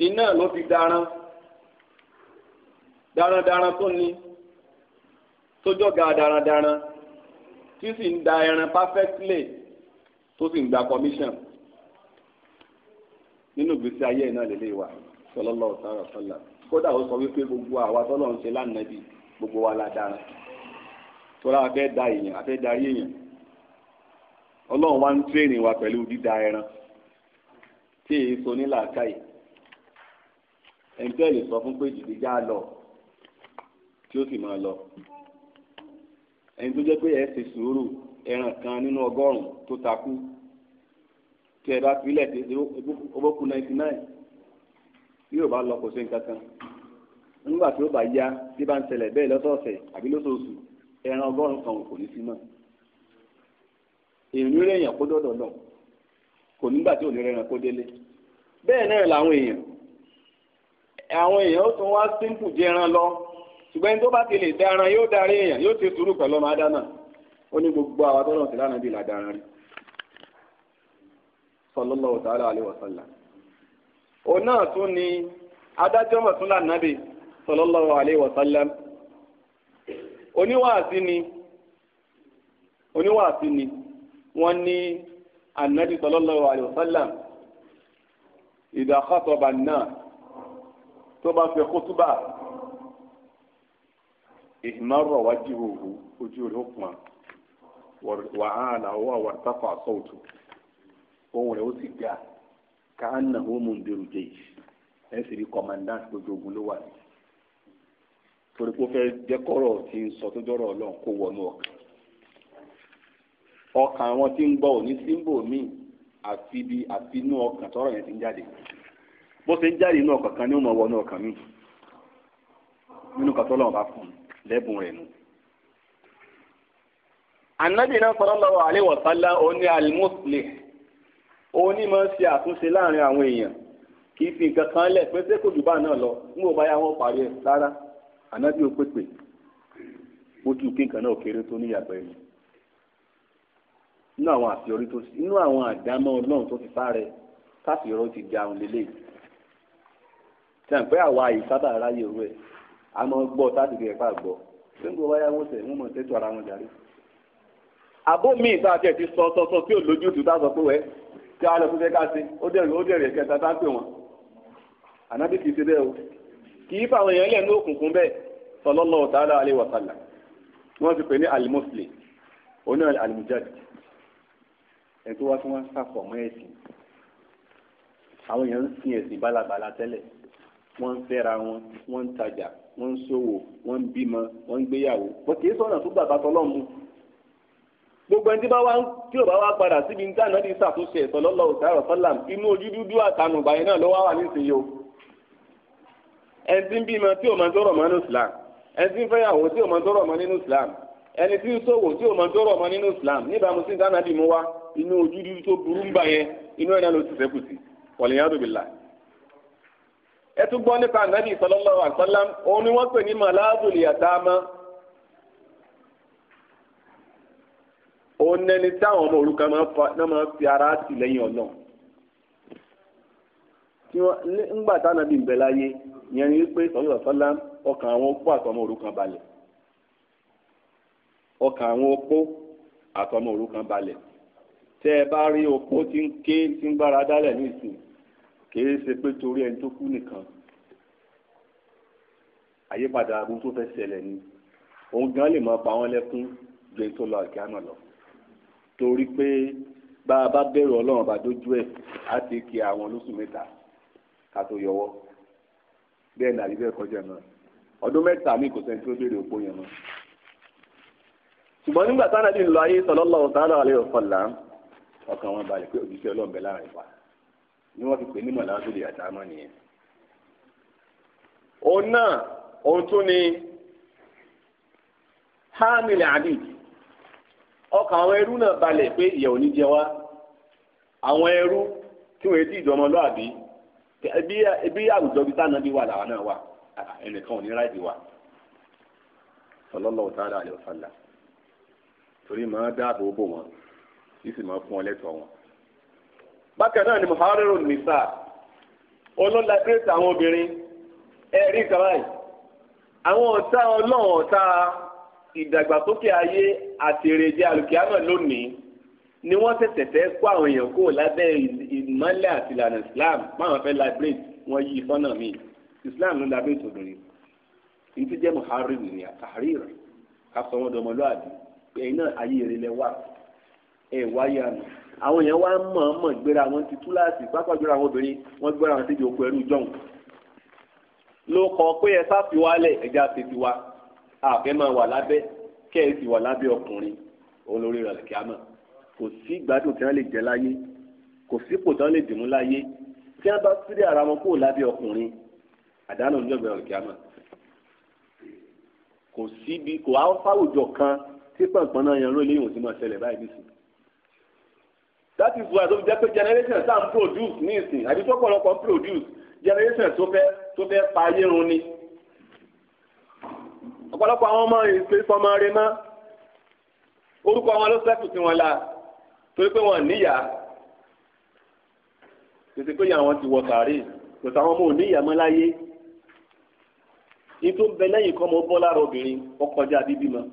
iná ló fi daran darandaran tó ní sójọ́gà darandaran tí sì ń da ẹran perfectly tó sì ń gba commission nínú ìgbésí ayé náà lélẹ́yìí wa sallallahu ta'ala sallam kódà ó sọ wípé gbogbo àwa tọ́lọ̀ ń ṣe lánàbí gbogbo wa la dára tọ́lá afẹ́ da èèyàn afẹ́ da ayé èèyàn ọlọ́run wá ń tírèèni wa pẹ̀lú dídá ẹran tí èyí so nílà káyì ẹ̀ńtẹ́ẹ̀lì sọ fún pé jìdíjà lọ tí ó sì máa lọ ẹni tó jẹ́ pé ẹ ṣe sùúrù ẹran kan nínú ọgọ́rùn-ún tó takú tí ẹ bá filẹ̀ tí owókù ninety nine tí yóò bá lọ kò sí nǹkan kan nígbà tí ó bá yá tí bá ń ṣẹlẹ̀ bẹ́ẹ̀ lọ́sọ̀ọ̀sẹ̀ àbí lóṣooṣù ẹran ọgọ́rùn-ún kan kò ní sí mọ́ èèyàn rẹ̀ èèyàn kó dọ́dọ̀ kò nígbà tí ò ní rẹran kó délé bẹ́ẹ̀ náà làwọn èèyàn àwọn èèyàn ó tún wá símpù jẹran lọ ṣùgbọ́n ẹni tó bá ti lè dáran yóò darí èèyàn yóò ti sùúrù pẹ̀lú ọmọ ádámà ó ní gbogbo àwọn tó lọ́n sí lánàá bíi làdáran rí sallallahu ta'ala alaihi wa sallam òun náà tún ni adájọ́ mọ̀tún lànàbì sallallahu alaihi oníwàásí ni oníwàásí ni wọ́n ní ànábì sallallahu alaihi wa sallam idha tó bá fẹ́ kótóbà ihmarra wajhuhu ojú rẹ̀ ó pọ́n wà á làwọ wartafa sawtu ohùn rẹ̀ ó sì ga ka'annahu mundiru jaysh ẹ sì rí kọmandant gbogbo ogun ló wà ní. torí pé ó fẹ́ jẹ́ kọ́rọ̀ tí ń sọ tó dọ́rọ̀ ọlọ́run kó wọnú ọkàn ọkàn àwọn tí ń gbọ́ òní símbò míì àfi bí àfi inú ọkàn tọrọ yẹn ti ń jáde bó ṣe ń jáde inú ọkàn kan ni ó mọ wọnú ọkàn míì nínú kan tó bá fún un lẹ́bùn rẹ̀ nù. Ànábì náà sallallahu alaihi wa sallam oní al-muslih oní máa ń ṣe àtúnṣe láàrin àwọn èèyàn kì í fi nǹkan kan lẹ̀ wọn parí ẹ̀ rárá ànábì ó pèpè bójú kí nǹkan náà kéré tó níyàgbẹ́ mi inú àwọn àṣeyọrí tó sí inú àwọn àdámọ́ ọlọ́run tó ti sáré káṣíyọrọ ti di àwọn à ń pẹ́ àwa àyíká bá a máa gbọ́ táàtì kí ẹ̀fà gbọ́ ṣé ń gbọ́ wáyà wọ́n tẹ̀ wọ́n mọ̀ tẹ́tù ara wọn jàre. àbó mi ìta àti ẹ̀ ti sọ sọ sọ tí ò lójú tù tá a sọ pé wẹ́ tí a lọ fún fẹ́ ká ṣe ó dẹ̀rù ó dẹ̀rù ẹ̀kẹta tá a pè wọ́n. ànábì kì í ṣe bẹ́ẹ̀ o kì í fàwọn èèyàn lẹ́nu òkùnkùn bẹ́ẹ̀ sallallahu ta'ala alaihi wa sallam wọ́n ti pè ní alimuslim oní alimujadi ẹ̀ tó wá tí wọ́n ń sàfọ̀mọ́ ẹ̀sìn àwọn èèyàn ń sin ẹ̀sìn bálabàla tẹ́lẹ̀ wọ́n ń fẹ́ra wọn wọ́n ń tajà wọ́n ń ṣòwò wọ́n ń bímọ wọ́n ń gbéyàwó bó kìí sọ̀nà tó gbàgbà tọ́lọ́mù gbogbo ẹni tí ó bá wá padà síbi ní táwọn ẹni ṣàtúnṣe ẹ̀sọ́ lọ́lọ́ òtárọ̀ sọ́làm inú ojú dúdú àtànùbà yẹn náà ló wá wà nísìnyí o ẹni tí ń bímọ tí ò máa tọrọ mọ́ nínú Islam ẹni tí ń fẹ́yàwó tí ò máa tọrọ mọ́ nínú Islam ẹni tí ń ṣòwò tí ò máa tọrọ mọ́ nínú Islam níbàámu sí ní táwọn mú wá inú ojú dúdú tó burú ń bà yẹn inú ẹ̀ náà ló ti sẹ́kù sí wọ̀lẹ́yàdùbìlà ẹ tún gbọ́ nípa ànábì sallallahu alaihi wasallam òun ni wọ́n pè ní malazul yatama òun nẹni táwọn ọmọ òrukàn máa fi ara sí ọ̀nà tí wọ́n ńgbà tánábì ń bẹ láyé yẹn ni pé sallallahu alaihi ọkàn àwọn opó àtọmọ kìí ṣe pé torí ẹni tó kú nìkan àyípadà agun tó fẹ́ ṣẹlẹ̀ ni òun gan lè máa pa wọ́n lẹ́kún ju èyí tó lọ àgbà náà lọ torí pé bá a bá bẹ̀rù ọlọ́run bá dójú ẹ̀ á ti kí àwọn lóṣù mẹ́ta ká tó yọwọ́ bẹ́ẹ̀ nàbí bẹ́ẹ̀ kọjá náà ọdún mẹ́ta mi kò sẹ́ni tó béèrè òpó yẹn mọ́ ṣùgbọ́n nígbà táwọn ẹni lọ ayé sallallahu ta'ala alaihi wasallam ọkàn wọn balẹ̀ pé òjíṣẹ́ ọlọ́run láàrin wa ni wọ́n ti pè ní mọ̀láṣúlì àtàmọ́ nìyẹn. òun náà òun tún ni hamil abid ọkàn àwọn ẹrú náà balẹ̀ pé ìyà ò ní jẹ wá àwọn ẹrú tí wọ́n ti ìdọ́mọlúàbí bí àwùjọ bíi táwọn bí wà làwọn náà wà ẹnìkan ò ní ráìdì wà sallallahu ta'ala alaihi wasallam torí máa dáàbò bò wọn sì sì fún ọ lẹ́tọ̀ọ́ wọn bákan náà ni muhammadu nisa olóńlá kírètì àwọn obìnrin ẹ̀rí ìkàwá yìí àwọn ọ̀tá ọlọ́run ọ̀tá ìdàgbàsókè ayé àti èrèjẹ alùkìyàmọ̀ lónìí ni wọ́n tẹ̀tẹ̀ fẹ́ kó àwọn èèyàn kó lábẹ́ ìmọ̀lẹ̀ àti ìlànà islam máwọn fẹ́ liberate wọ́n yí sọ́nà míì islam ló liberate obìnrin ní ti jẹ́ muhammadu ni àtàrí rẹ̀ ká sọ wọn dọmọlúwàbí pé iná ayé rẹ̀ lẹ wà ẹ̀ wáyà nù àwọn èèyàn wá mọ̀ọ́mọ̀ gbéra wọn ti túláàsì pápá gbéra àwọn obìnrin wọn gbéra wọn síbi òkú ẹrú jọ̀hún ló kọ pé ẹ sáfi wálẹ̀ ẹja ti wa àfẹ́ máa wà lábẹ́ kẹ́ ẹ sì wà lábẹ́ ọkùnrin olórí rẹ̀ kí a mọ̀ kò sí ìgbádùn tí wọ́n lè jẹ láyé kò sípò tí wọ́n lè dìmú láyé tí wọ́n bá sílẹ̀ ara wọn kúrò lábẹ́ ọkùnrin àdánù ní ọ̀gbẹ́ rẹ̀ kí a mọ̀ kò síbi kò áwọ̀ fáwùjọ kan tí pọ̀npọ̀n náà yan ló léyìn òsínmọ̀ ṣẹlẹ̀ báyìí nísìnyí that is why tó fi jẹ́ pé generation tá ń produce ní ìsìn àbí tó pọ̀lọpọ̀ produce generation tó fẹ́ tó fẹ́ pa ayé run ni. ọ̀pọ̀lọpọ̀ àwọn ọmọ ìpè fọmọ rẹ mọ́ orúkọ wọn ló sẹ́kù sí wọn la torí pé wọn níyà tètè pé àwọn ti wọ sàárè kò sáwọn ọmọ ò níyà mọ́ láyé ní tó ń bẹ lẹ́yìn kọ́ mọ́ bọ́ lára obìnrin ọkọjá bíbí mọ́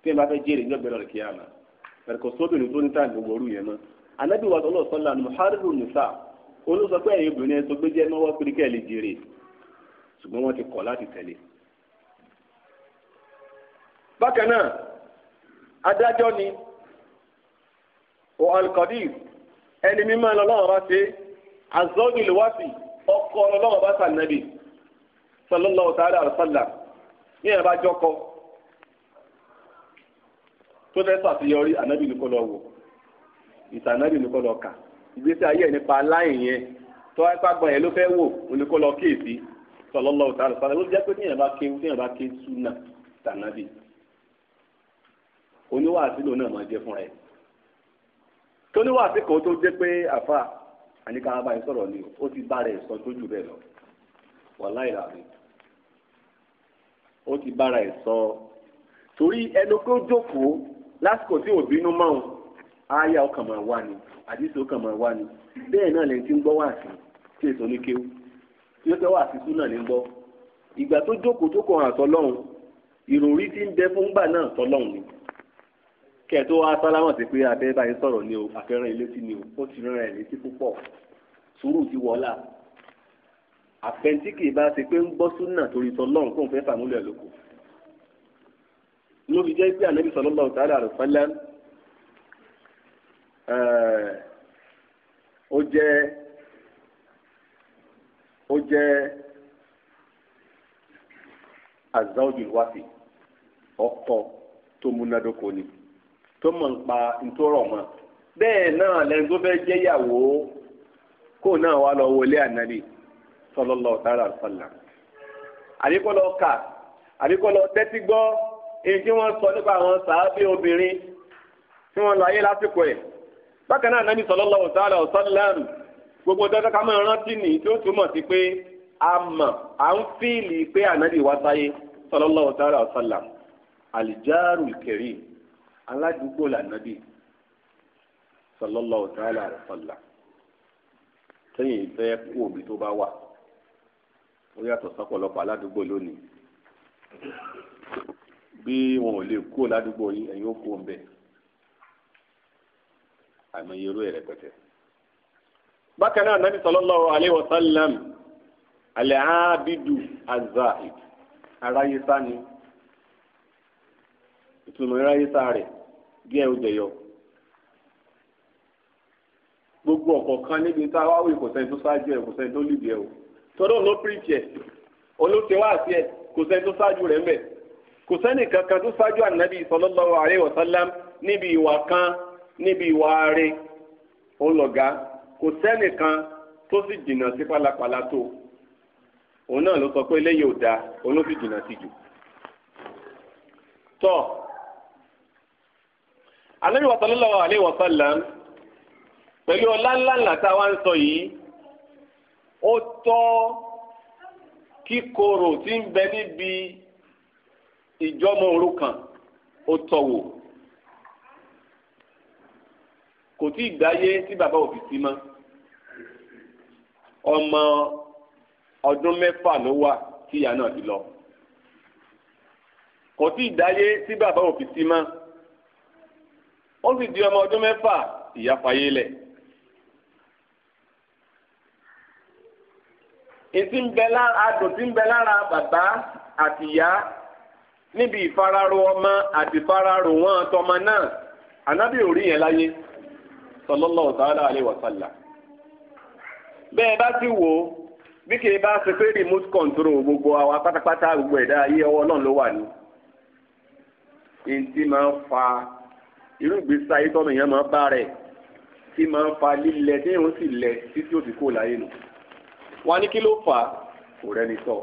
tí wọn bá fẹ́ jèrè ní ọgbẹ́rọ̀ rẹ̀ kíá náà ẹ̀kọ́ sóbìnrin tó ń tà gbogbo orú yẹn mọ́ anabi wa sọlọ sọlá muhariru nisa olùsọ pé ẹ̀yin obìnrin ẹ̀ tó gbé jẹ́ mọ́wọ́ pírikẹ́ lè jèrè ṣùgbọ́n wọ́n ti kọ̀ láti tẹ̀lé. bákan náà adájọ́ ni o alqadir ẹni mímọ́ ẹ̀ lọ́wọ́ bá ṣe azọ́gìn lè wá sí ọkọ ọlọ́wọ́ bá sànàbì sọlọ́lọ́ ọ̀tá àdàlù sọlá ní ẹ̀ bá jọ́kọ̀ọ́ tó fẹ́ sàṣeyọrí ànábì ní kó lọ wò ìsànábì ní kó lọ kà ìgbésí ayé nípa láì yẹn tó wáyé pàgbọ́n yẹn ló fẹ́ wò ó ní kó lọ kéèsì sọlọ́lọ́ òtàlù sọlọ́ ló jẹ́ pé tíyẹn bá ké tíyẹn bá ké súnà sànábì oníwàásí lòun náà máa jẹ fúnra ẹ̀ tóníwàásí kan tó jẹ́ pé àfa àníkà abáyé sọ̀rọ̀ ni ó ti bá rẹ̀ sọ tójú bẹ́ẹ̀ lọ wàláì làbí ó ti bára ẹ̀ sọ torí ẹnu kó jókòó lásìkò tí òbí inú mọ́ òun àáyá ọkàn máa wá ni àdìsí ọkàn máa wá ni bẹ́ẹ̀ náà lẹ́yìn tí ń gbọ́ wà sí tí èso ní kéwú tí ó fẹ́ wà sí súnà ní gbọ́ ìgbà tó jókòó tó kọ̀ hàn sọlọ́run ìròrí tí ń bẹ fún gbà náà sọlọ́run ni kẹ́ ẹ̀ tó wá sálámọ̀ sí pé abẹ́ báyìí sọ̀rọ̀ ni o àfẹ́ràn ìlétí ni o ó ti rán ẹ̀ létí púpọ̀ sùúrù ti wọlá àfẹ́ntí kì í bá ṣe pé ń gbọ́ súnà torí sọlọ́run kóun fẹ́ fàmúlẹ̀ lóko ló fi jẹ́ pé ànábì sallallahu ta'ala alaihi wasallam eh, ó jẹ́ ó jẹ́ azawjul ọkọ tó ni tó mọ̀ ń pa ntọ́rọ̀ mọ́ bẹ́ẹ̀ náà tó fẹ́ jẹ́ ìyàwó kó náà lọ wọlé ànábì àbíkọ́ kà àbíkọ́ tẹ́tí gbọ́. èyí tí wọ́n sọ nípa àwọn sàábé obìnrin tí wọ́n lọ ayé lásìkò ẹ̀ bákan náà nàbì sallallahu ta'ala wa sallam gbogbo dandan ká máa rántí nìyí tí ó túmọ̀ sí pé a mọ̀ à ń fíìlì pé ànábì wá sáyé sallallahu ta'ala wa sallam àlìjáàrù karim aládùúgbò lànàbì sallallahu ta'ala wa sallam sẹ́yìn ìfẹ́ kú òbí tó bá wà ó yàtọ̀ sọ́pọ̀lọpọ̀ aládùúgbò lónìí bí wọn ò lè kúrò ládùúgbò yín ẹ̀yin ó kúrò ń bẹ̀ àìmọye irú ẹ̀ rẹpẹtẹ. bákan náà nàbí sallallahu alaihi wasallam alẹ́ ábídù azahid aráyésá ni ìtumọ̀ aráyésá rẹ̀ díẹ̀ ó jẹyọ gbogbo ọ̀kọ̀ọ̀kan níbi tá a wá wí kò sẹ́ni tó ṣáájú ẹ̀ kò sẹ́ni tó lìdí o tọ́dọ̀ ló pírìtì ẹ̀ olóṣèwà àti ẹ̀ kò sẹ́ni tó ṣáájú rẹ̀ ń bẹ̀ kò sẹ́ni kankan tó ṣáájú ànábì sallallahu alaihi wasallam níbi ìwà kan níbi ìwà ààrẹ òun lọ̀gá kò sẹ́ni kan tó sì jìnnà sí pálapàla tó òun náà ló sọ pé eléyìí ò dáa òun ló sì jìnnà sí jù. tọ́ ànábì sallallahu alaihi wasallam pẹ̀lú ọlá ńlá ńlá tá a wá ń sọ yìí ó tọ́ kíkorò tí ń bẹ níbi ìjọmọ òrukàn ó tọwò kò tí ì gbáyé tí bàbá ò fi sí mọ́ ọmọ ọdún mẹ́fà ló wà tí ìyá náà ti lọ kò tí ì gbáyé tí bàbá ò fi sí mọ́ ó sì di ọmọ ọdún mẹ́fà ìyá fayé lẹ̀. èsì ń bẹ lára adùn tí níbi ìfararò ọmọ àti ìfararò wọn tọmọ náà ànábì ò yẹn láyé sallallahu ta'ala alaihi wa sallam bẹ́ẹ̀ bá ti wò ó bí kì í bá ṣe pé remote control gbogbo àwa pátápátá gbogbo ẹ̀dá ayé ọwọ́ náà ló wà ní. Ntí máa ń fa irú ìgbésí ayé tọ́nu yẹn máa ń bá rẹ̀ tí máa ń fa lílẹ̀ tí yóò sì lẹ̀ títí òsì kò láyé nù. Wọ́n á ní kí ló fà á? Kò rẹ́ni sọ.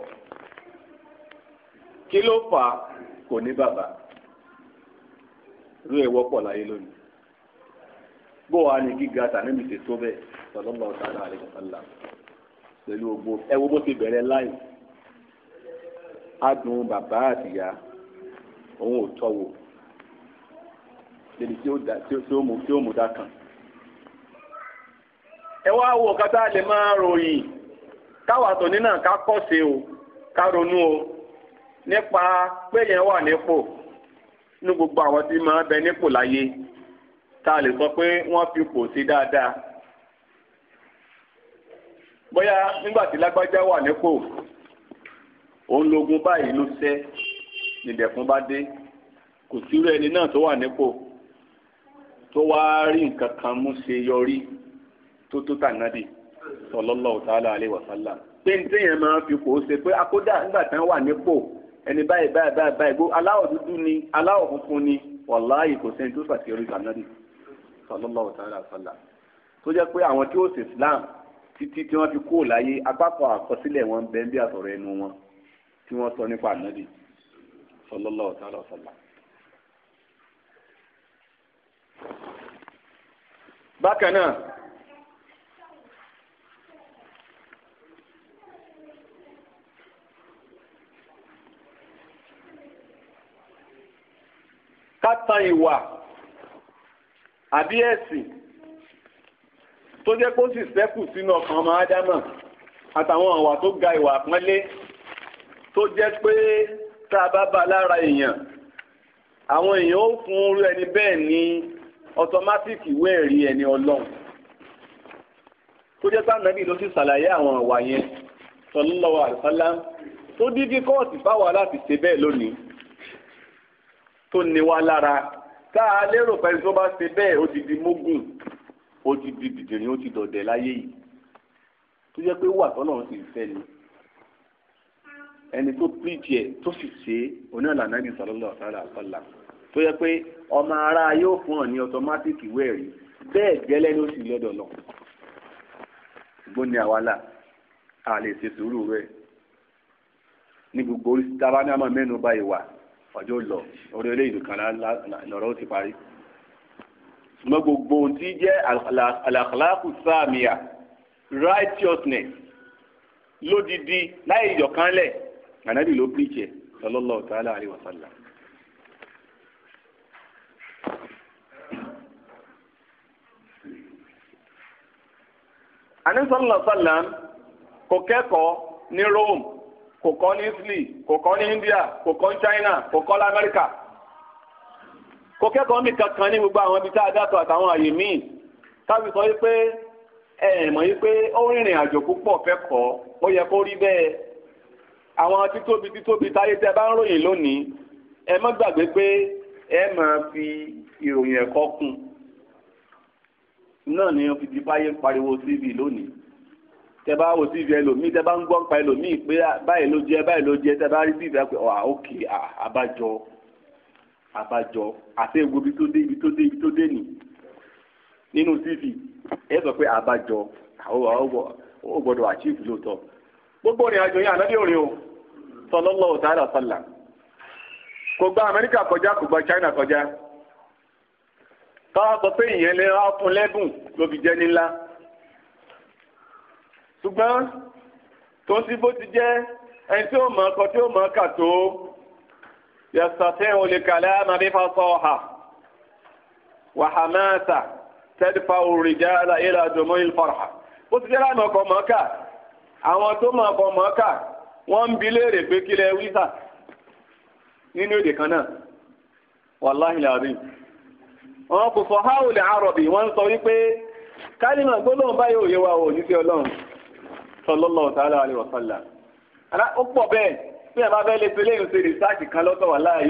Kí ló fà á? kò ní bàbá irú ẹ̀ wọ́pọ̀ láyé lónìí bó wàá ní gíga tànẹ́bì ṣe tó bẹ́ẹ̀ sallallahu ta'ala alaihi wasallam pẹ̀lú ogbó ẹ bó ti bẹ̀rẹ̀ láì adùn bàbá àtìyá òun ò tọ́wò débi tí ó mú dá kan ẹ wá kátà lè máa ròyìn nípa pé yẹn wà nípò ní gbogbo àwọn tí máa bẹ nípò láyé tá a lè sọ pé wọ́n fi pò sí dáadáa bóyá nígbà tí lágbájá wà nípò òun lógun báyìí ló ṣe nìdẹ̀kùn bá dé kò sírú ẹni náà tó wà nípò tó wá rí nǹkan kan mú ṣe yọrí tó tó tànádì sallallahu ta'ala alaihi wasallam pé ní téèyàn máa fi pò ó ṣe pé akódà nígbà tí wọ́n wà nípò ẹni báyìí báyìí báyìí báyìí gbó aláwọ̀ dúdú ni aláwọ̀ funfun ni wàláhì kò sẹ́ni tó fàṣẹ orí kànáàdì sallallahu ta'ala àfàlà tó jẹ́ pé àwọn tí ó sì Islam títí tí wọ́n fi kú láyé apákọ̀ àkọsílẹ̀ wọn bẹ́ẹ̀ bí àsọ̀rọ̀ ẹnu wọn tí wọ́n sọ nípa ànábì sallallahu ta'ala àfàlà. bákan náà ká tan ìwà àbí ẹ̀sìn tó jẹ́ kó sì ṣẹ́kù sínú ọkàn ọmọ ádámà àtàwọn àwà tó ga ìwà pọ́nlé tó jẹ́ pé tá a bá bá lára èèyàn àwọn èèyàn ó fún irú ẹni bẹ́ẹ̀ ní ọtọmátìkì ìwé ẹ̀rí ẹni ọlọ́run tó jẹ́ sànàbì ló sì ṣàlàyé àwọn àwà yẹn sallallahu alaihi tó dídí kọ́ọ̀tì fáwa láti ṣe bẹ́ẹ̀ lónìí tó ní wá lára tá a lérò pé tó bá ṣe bẹ́ẹ̀ ó ti di mógùn ó ti di dìdìrín ó ti dọ̀dẹ̀ láyé yìí tó jẹ́ pé wà tọ́nà sì fẹ́ ni ẹni tó píríjì ẹ̀ tó sì ṣe é onílànà nàbì sallallahu alaihi wasallam tó jẹ́ pé ọmọ ara yóò fún ọ ní ọtọmátìkì ìwé bẹ́ẹ̀ gẹ́lẹ́ ló sì lọ́dọ̀ lọ ṣùgbọ́n ní àwa a lè ṣe sùúrù rẹ̀ ní gbogbo orí tábánà mẹ́nu bá ìwà ọjọ́ lọ orí ilé ìlú kan lọ́rọ́ ó ti parí. ṣùgbọ́n gbogbo ohun tí jẹ́ àlàkàlàkù sáàmìyà righteousness lódìdí láì yọ̀kánlẹ̀ ànábì ló píìkì ẹ̀ sallallahu ta'ala alaihi wa sallam. àní sallam kò kẹ́kọ̀ọ́ ní Rome. kò kọ́ ní Italy kò kọ́ ní India kò kọ́ ní China kò kọ́ ní Amẹ́ríkà kò kẹ́kọ̀ọ́ mi kankan ní gbogbo àwọn ibi tá a dàtọ̀ àtàwọn àyè míì tábí sọ pé ẹ mọ̀ pé ó rìnrìn àjò púpọ̀ kẹ́kọ̀ọ́ ó yẹ kó rí bẹ́ẹ̀ àwọn títóbi títóbi táyé tẹ́ bá ń ròyìn lónìí ẹ má gbàgbé pé ẹ máa fi ìròyìn ẹ̀kọ́ kún náà ni wọ́n fi di báyé pariwo síbi lónìí tẹ bá wo sí ìfẹ́ ẹlòmíì tẹ bá ń gbọ́ ń pa ẹlòmíì báyìí ló jẹ báyìí ló jẹ tẹ bá rí sí ìfẹ́ pé òkè àbájọ àti egbò ibi tó dé ibi tó dé ibi tó dé nì nínú cv ẹ sọ pé gbogbo àjò yẹn ànábì òrìn o kò gba kọjá kò gba china kọjá káwá sọ pé ìyẹn lè rà lẹ́bùn ló jẹ́ ṣùgbọ́n tó ń ti bó ti jẹ́ ẹni tí ó mọ̀ ọkọ tí ó mọ̀ ọkà tó yasafin olùkàlẹ́ àmàbí fasọ́ọ̀hà wàhámẹ́sà tẹ́lifà òrìjà ìlà dòmó ìfọ̀rà bó ti jẹ́ láàmú ọkọ̀ àwọn tó ọkọ̀ wọ́n ń bi léèrè pé kílẹ̀ wíṣà nínú èdè kan náà wàláhì làbí wọn kò háwùlẹ̀ àrọ̀bì sọ wípé báyìí òye wa ò ní sallallahu ta'ala alaihi wa sallam àná ó pọ̀ bẹ́ẹ̀ bí ẹ bá fẹ́ lè fi léyìn ṣe rìsáàjì kan lọ́tọ̀ wà láàyè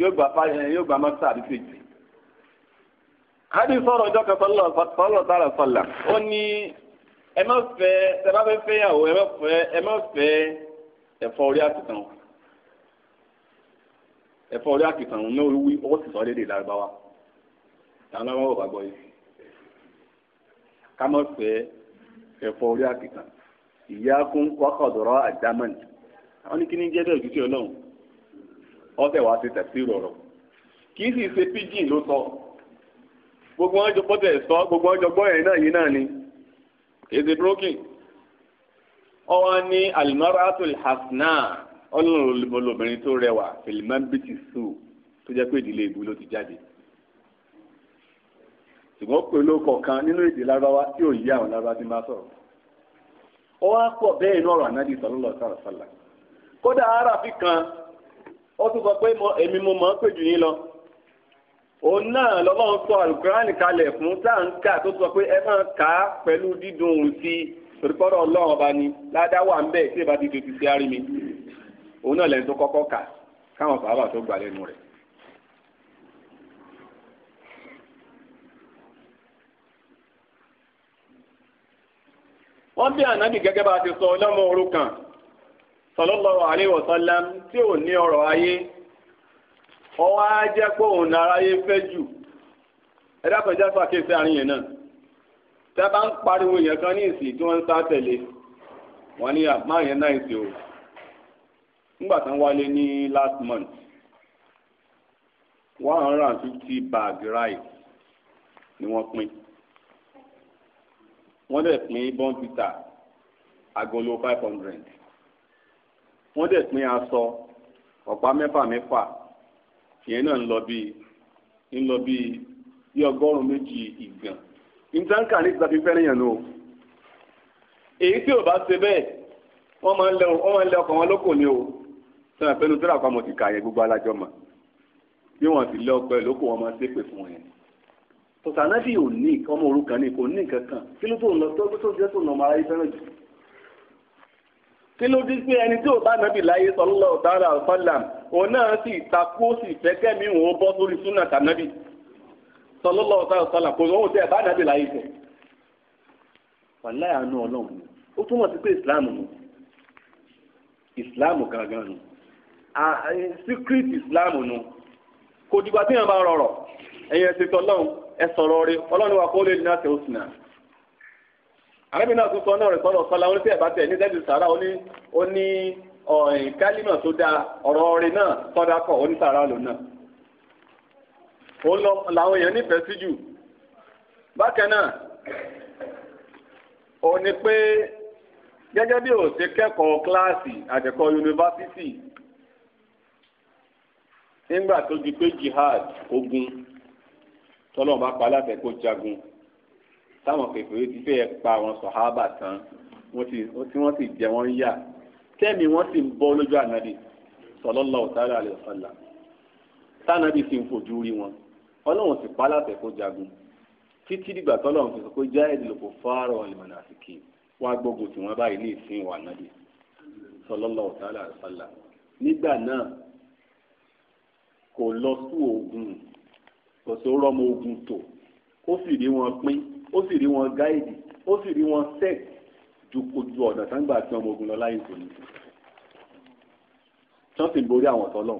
yóò gbà fáyẹn yóò gbà mọ́tò àbí kejì. hadith sọ̀rọ̀ ọjọ́ kan sallallahu ta'ala sallam ó ní ẹ má fẹ́ ẹ bá fẹ́ fẹ́yàwó ẹ má fẹ́ ẹ̀fọ́ orí àtìtàn ẹ̀fọ́ orí àtìtàn náà wí ó sì sọ déédéé lárúbáwá àwọn wọn ò bá gbọ́ yìí ká má fẹ́ ẹ̀fọ́ orí àtìtàn ìyákun wákọ̀dọ̀rọ̀ àdámọ́n àwọn ní kí ní jẹ́ bẹ́ẹ̀ ojúṣe ọlọ́run ọ̀sẹ̀ wàá ti tẹ̀sí rọ̀rọ̀ kì í sì ṣe pidgin ló sọ gbogbo wọn jọ gbọ́dọ̀ sọ gbogbo wọn jọ gbọ́ ẹ̀rín náà yìí náà ni èdè brokin ọwọ́ ní alimaratul hasna ọlọ́run tó rẹwà filimambiti su tó jẹ́ pé ìdílé ìbú ló ti jáde ṣùgbọ́n pẹ̀lú ọkọ̀ nínú èdè lárúbáwá tí ò yí àwọn lárúbáwá ti máa sọ̀rọ̀ o wá pọ̀ bẹ́ẹ̀ inú ọ̀rọ̀ ànábì sallallahu alaihi wasallam kódà aráàfin kan ó tún sọ pé èmi mo mọ̀ ọ́n pè jù yín lọ òun náà sọ kalẹ̀ fún sáǹkà tó sọ pé ẹ máa kà á pẹ̀lú dídùn òun sí torípọ́rọ̀ ọlọ́run ọba ni ń ti tètè sí arí mi òun náà lẹ́nu tó kọ́kọ́ kà káwọn bàbá tó gbà wọ́n bí ànábì gẹ́gẹ́ bá ti sọ ọlọ́mọ òrukàn sallallahu alaihi tí ò ní ọrọ̀ ayé ọwá á jẹ́ pé òun aráyé ayé fẹ́ jù ẹ dákun já náà tẹ́ bá ń pariwo yẹn kan ní ìsìn wọ́n ń sá tẹ̀lé wọ́n ní náà o nígbà wálé ní ni wọ́n pín. wọ́n dẹ̀ pín bọ́ǹpítà agolo five hundred wọ́n dẹ̀ pín aṣọ ọ̀pá mẹ́fà mẹ́fà ìyẹn náà ń lọ bíi ń lọ bíi bí ọgọ́rùn-ún méjì ìgbọ̀n ìtànkà ní ìgbà fífẹ́ nìyẹn o èyí tí ò bá ṣe bẹ́ẹ̀ wọ́n máa ń lẹ wọ́n máa ń lẹ ọkàn wọn lóko ni o sọ̀rọ̀ pẹ́ẹ́nu tó rà pamọ́ ti kà yẹn gbogbo alájọ́ mọ̀ bí wọ́n ti lé ọkọ̀ lóko wọn máa ṣépè fún yẹn tọ́tà anábì ò ní ọmọ òrukàn ni kò ní nǹkan kan kí ló tó ń lọ tó tó jẹ́ tó nà ọmọ aráyé fẹ́ràn jù kí ló dé pé ẹni tí ò bá nàbì láyé sallallahu ta'ala sallam òun náà sì takú ó sì fẹ́kẹ́ mi òun bọ́ sórí súnà tànàbì sallallahu ta'ala sallam kò wọ́n tẹ́ ẹ̀ bá nàbì láyé fẹ́. wàláyà àánú ọlọ́run ni ó túmọ̀ sí pé ìsìláàmù nù ìsìláàmù gangan nù secret ìsìláàmù nù kò dìgbà tí yẹn bá rọrọ̀ ẹ̀yẹn ṣètò ọlọ́run ẹ sọ̀rọ̀ rí ọlọ́run wà kó lè ní àtẹ òsùnà àrẹ́bí náà tún sọ náà rẹ̀ sọ̀rọ̀ sọ́la oníṣẹ́ ìbátẹ̀ ní sẹ́ẹ̀dì sàrà ó ní ọ̀rìn kálímà tó dáa ọ̀rọ̀ náà sọ́dá kọ̀ lò náà ó lọ làwọn èèyàn nífẹ̀ẹ́ sí jihad ogun tọ́lọ́run bá pa aláfẹ́ kó jagun táwọn kèfèrí ti fẹ́ pa àwọn sọ̀hábà tán tí wọ́n sì jẹ wọ́n yà tẹ́mi wọ́n sì ń bọ́ lójú ànábì sallallahu ta'ala alaihi wasallam tánàbì sì ń fojú rí wọn ọlọ́run sì pa aláfẹ́ kó jagun títí dìgbà tọ́lọ́run fi sọ pé já ìdílé kò fárọ̀ al-munafiki wá gbógun tí wọ́n báyìí ní ìsìn ìwà ànábì sallallahu ta'ala alaihi wasallam nígbà náà kò lọ sí ogun kò sí rọmọ ogun tò ó sì rí wọn pín ó sì rí wọn gáìdì ó sì rí wọn sẹ́ẹ̀t ju kojú ọ̀nà tá ń gbà tí ọmọ ogun lọ láyé tòní tí wọ́n sì ń borí àwọn tọ́lọ̀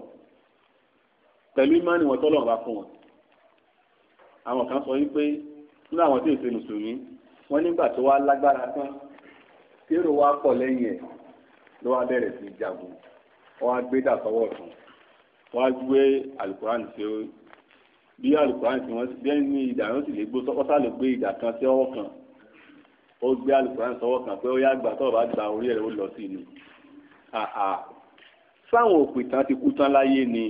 pẹ̀lú ìmánì wọn tọ́lọ̀ bá fún wọn àwọn kan sọ wípé nínú àwọn tí èsè mùsùlùmí wọn nígbà tó wá lágbára tán kérò wá pọ̀ lẹ́yìn ẹ̀ ló wá bẹ̀rẹ̀ sí jagun wọ́n á gbé dà sọ́wọ́ ọ̀tún wọ́n á gbé alukuran bí alukurani tí wọ́n bẹ́ẹ̀ ní ìdá wọn sì lè gbó sọ́kọ́sá lè gbé ìdá kan sí ọwọ́ kan ó gbé alukurani sọ́wọ́ kan pé ó yá gbà tọ́ọ̀ bá gba orí ẹ̀ ó lọ sí ni sáwọn òpìtàn ti kú tán láyé ni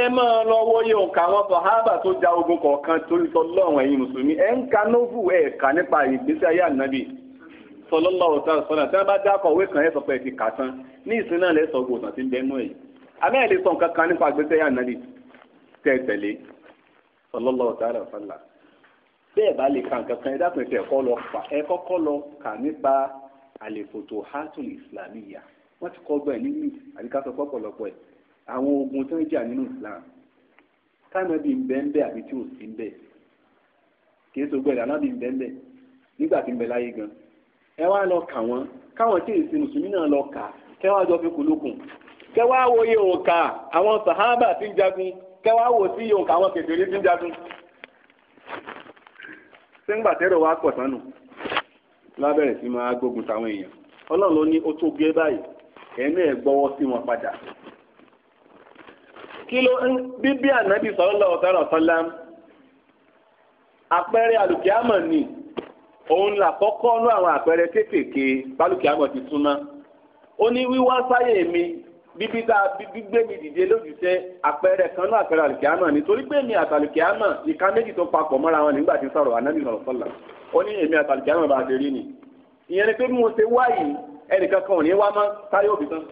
ẹ máa lọ wọlé wọn fọ tó ja ogun mùsùlùmí ń ka nóvù nípa ìgbésí ayé ànábì tí bá kan sọ pé ti ní ìsìn náà tẹ̀tẹ̀lé sallallahu ta'ala fàlà bẹ́ẹ̀ bá lè ka nǹkan kan ẹ dákun lọ fà kọ́kọ́ lọ kà nípa al-futuhatul islamiyya wọ́n ti kọ́ gbọ́ ẹ̀ nínú àdìkásọ pọ̀pọ̀lọpọ̀ ẹ̀ àwọn ogun islam ń ń àbí tí ò sí ń kì í so ń ń nígbà tí ń bẹ láyé gan ẹ wá lọ kà wọ́n káwọn tí kẹwàá wò sí yòó nǹkan àwọn kékeré tí ń jagun sẹ́ńgbà tẹ́rọ̀ wá pọ̀ sánù lábẹ́rẹ̀ sí máa gbógun táwọn èèyàn ọlọ́run ló ní ó tó gé báyìí ẹ̀mí ẹ̀ gbọ́wọ́ sí wọn padà kí ló ń bíbí ànábì sallallahu alaihi wasallam àpẹẹrẹ àlùkìámọ̀ ni òun là kọ́kọ́ nú àwọn àpẹẹrẹ kéékèèké bálùkìámọ̀ ti súnmọ́ ó ní wíwá sáyé mi bíbí tá a bíbí gbé mi dìde lójúṣe àpẹẹrẹ kan náà àpẹẹrẹ àlùkìámà nítorí pé mi àtàlùkìámà ìka méjì tó papọ̀ mọ́ra wọn nígbà tí sọ̀rọ̀ anábì sọ̀rọ̀ ó ní èmi àtàlùkìámà bá a ṣe rí ni ìyẹn ni pé mo ṣe wá yìí ẹnìkan kan ò ní wá mọ́ sáré òbí tán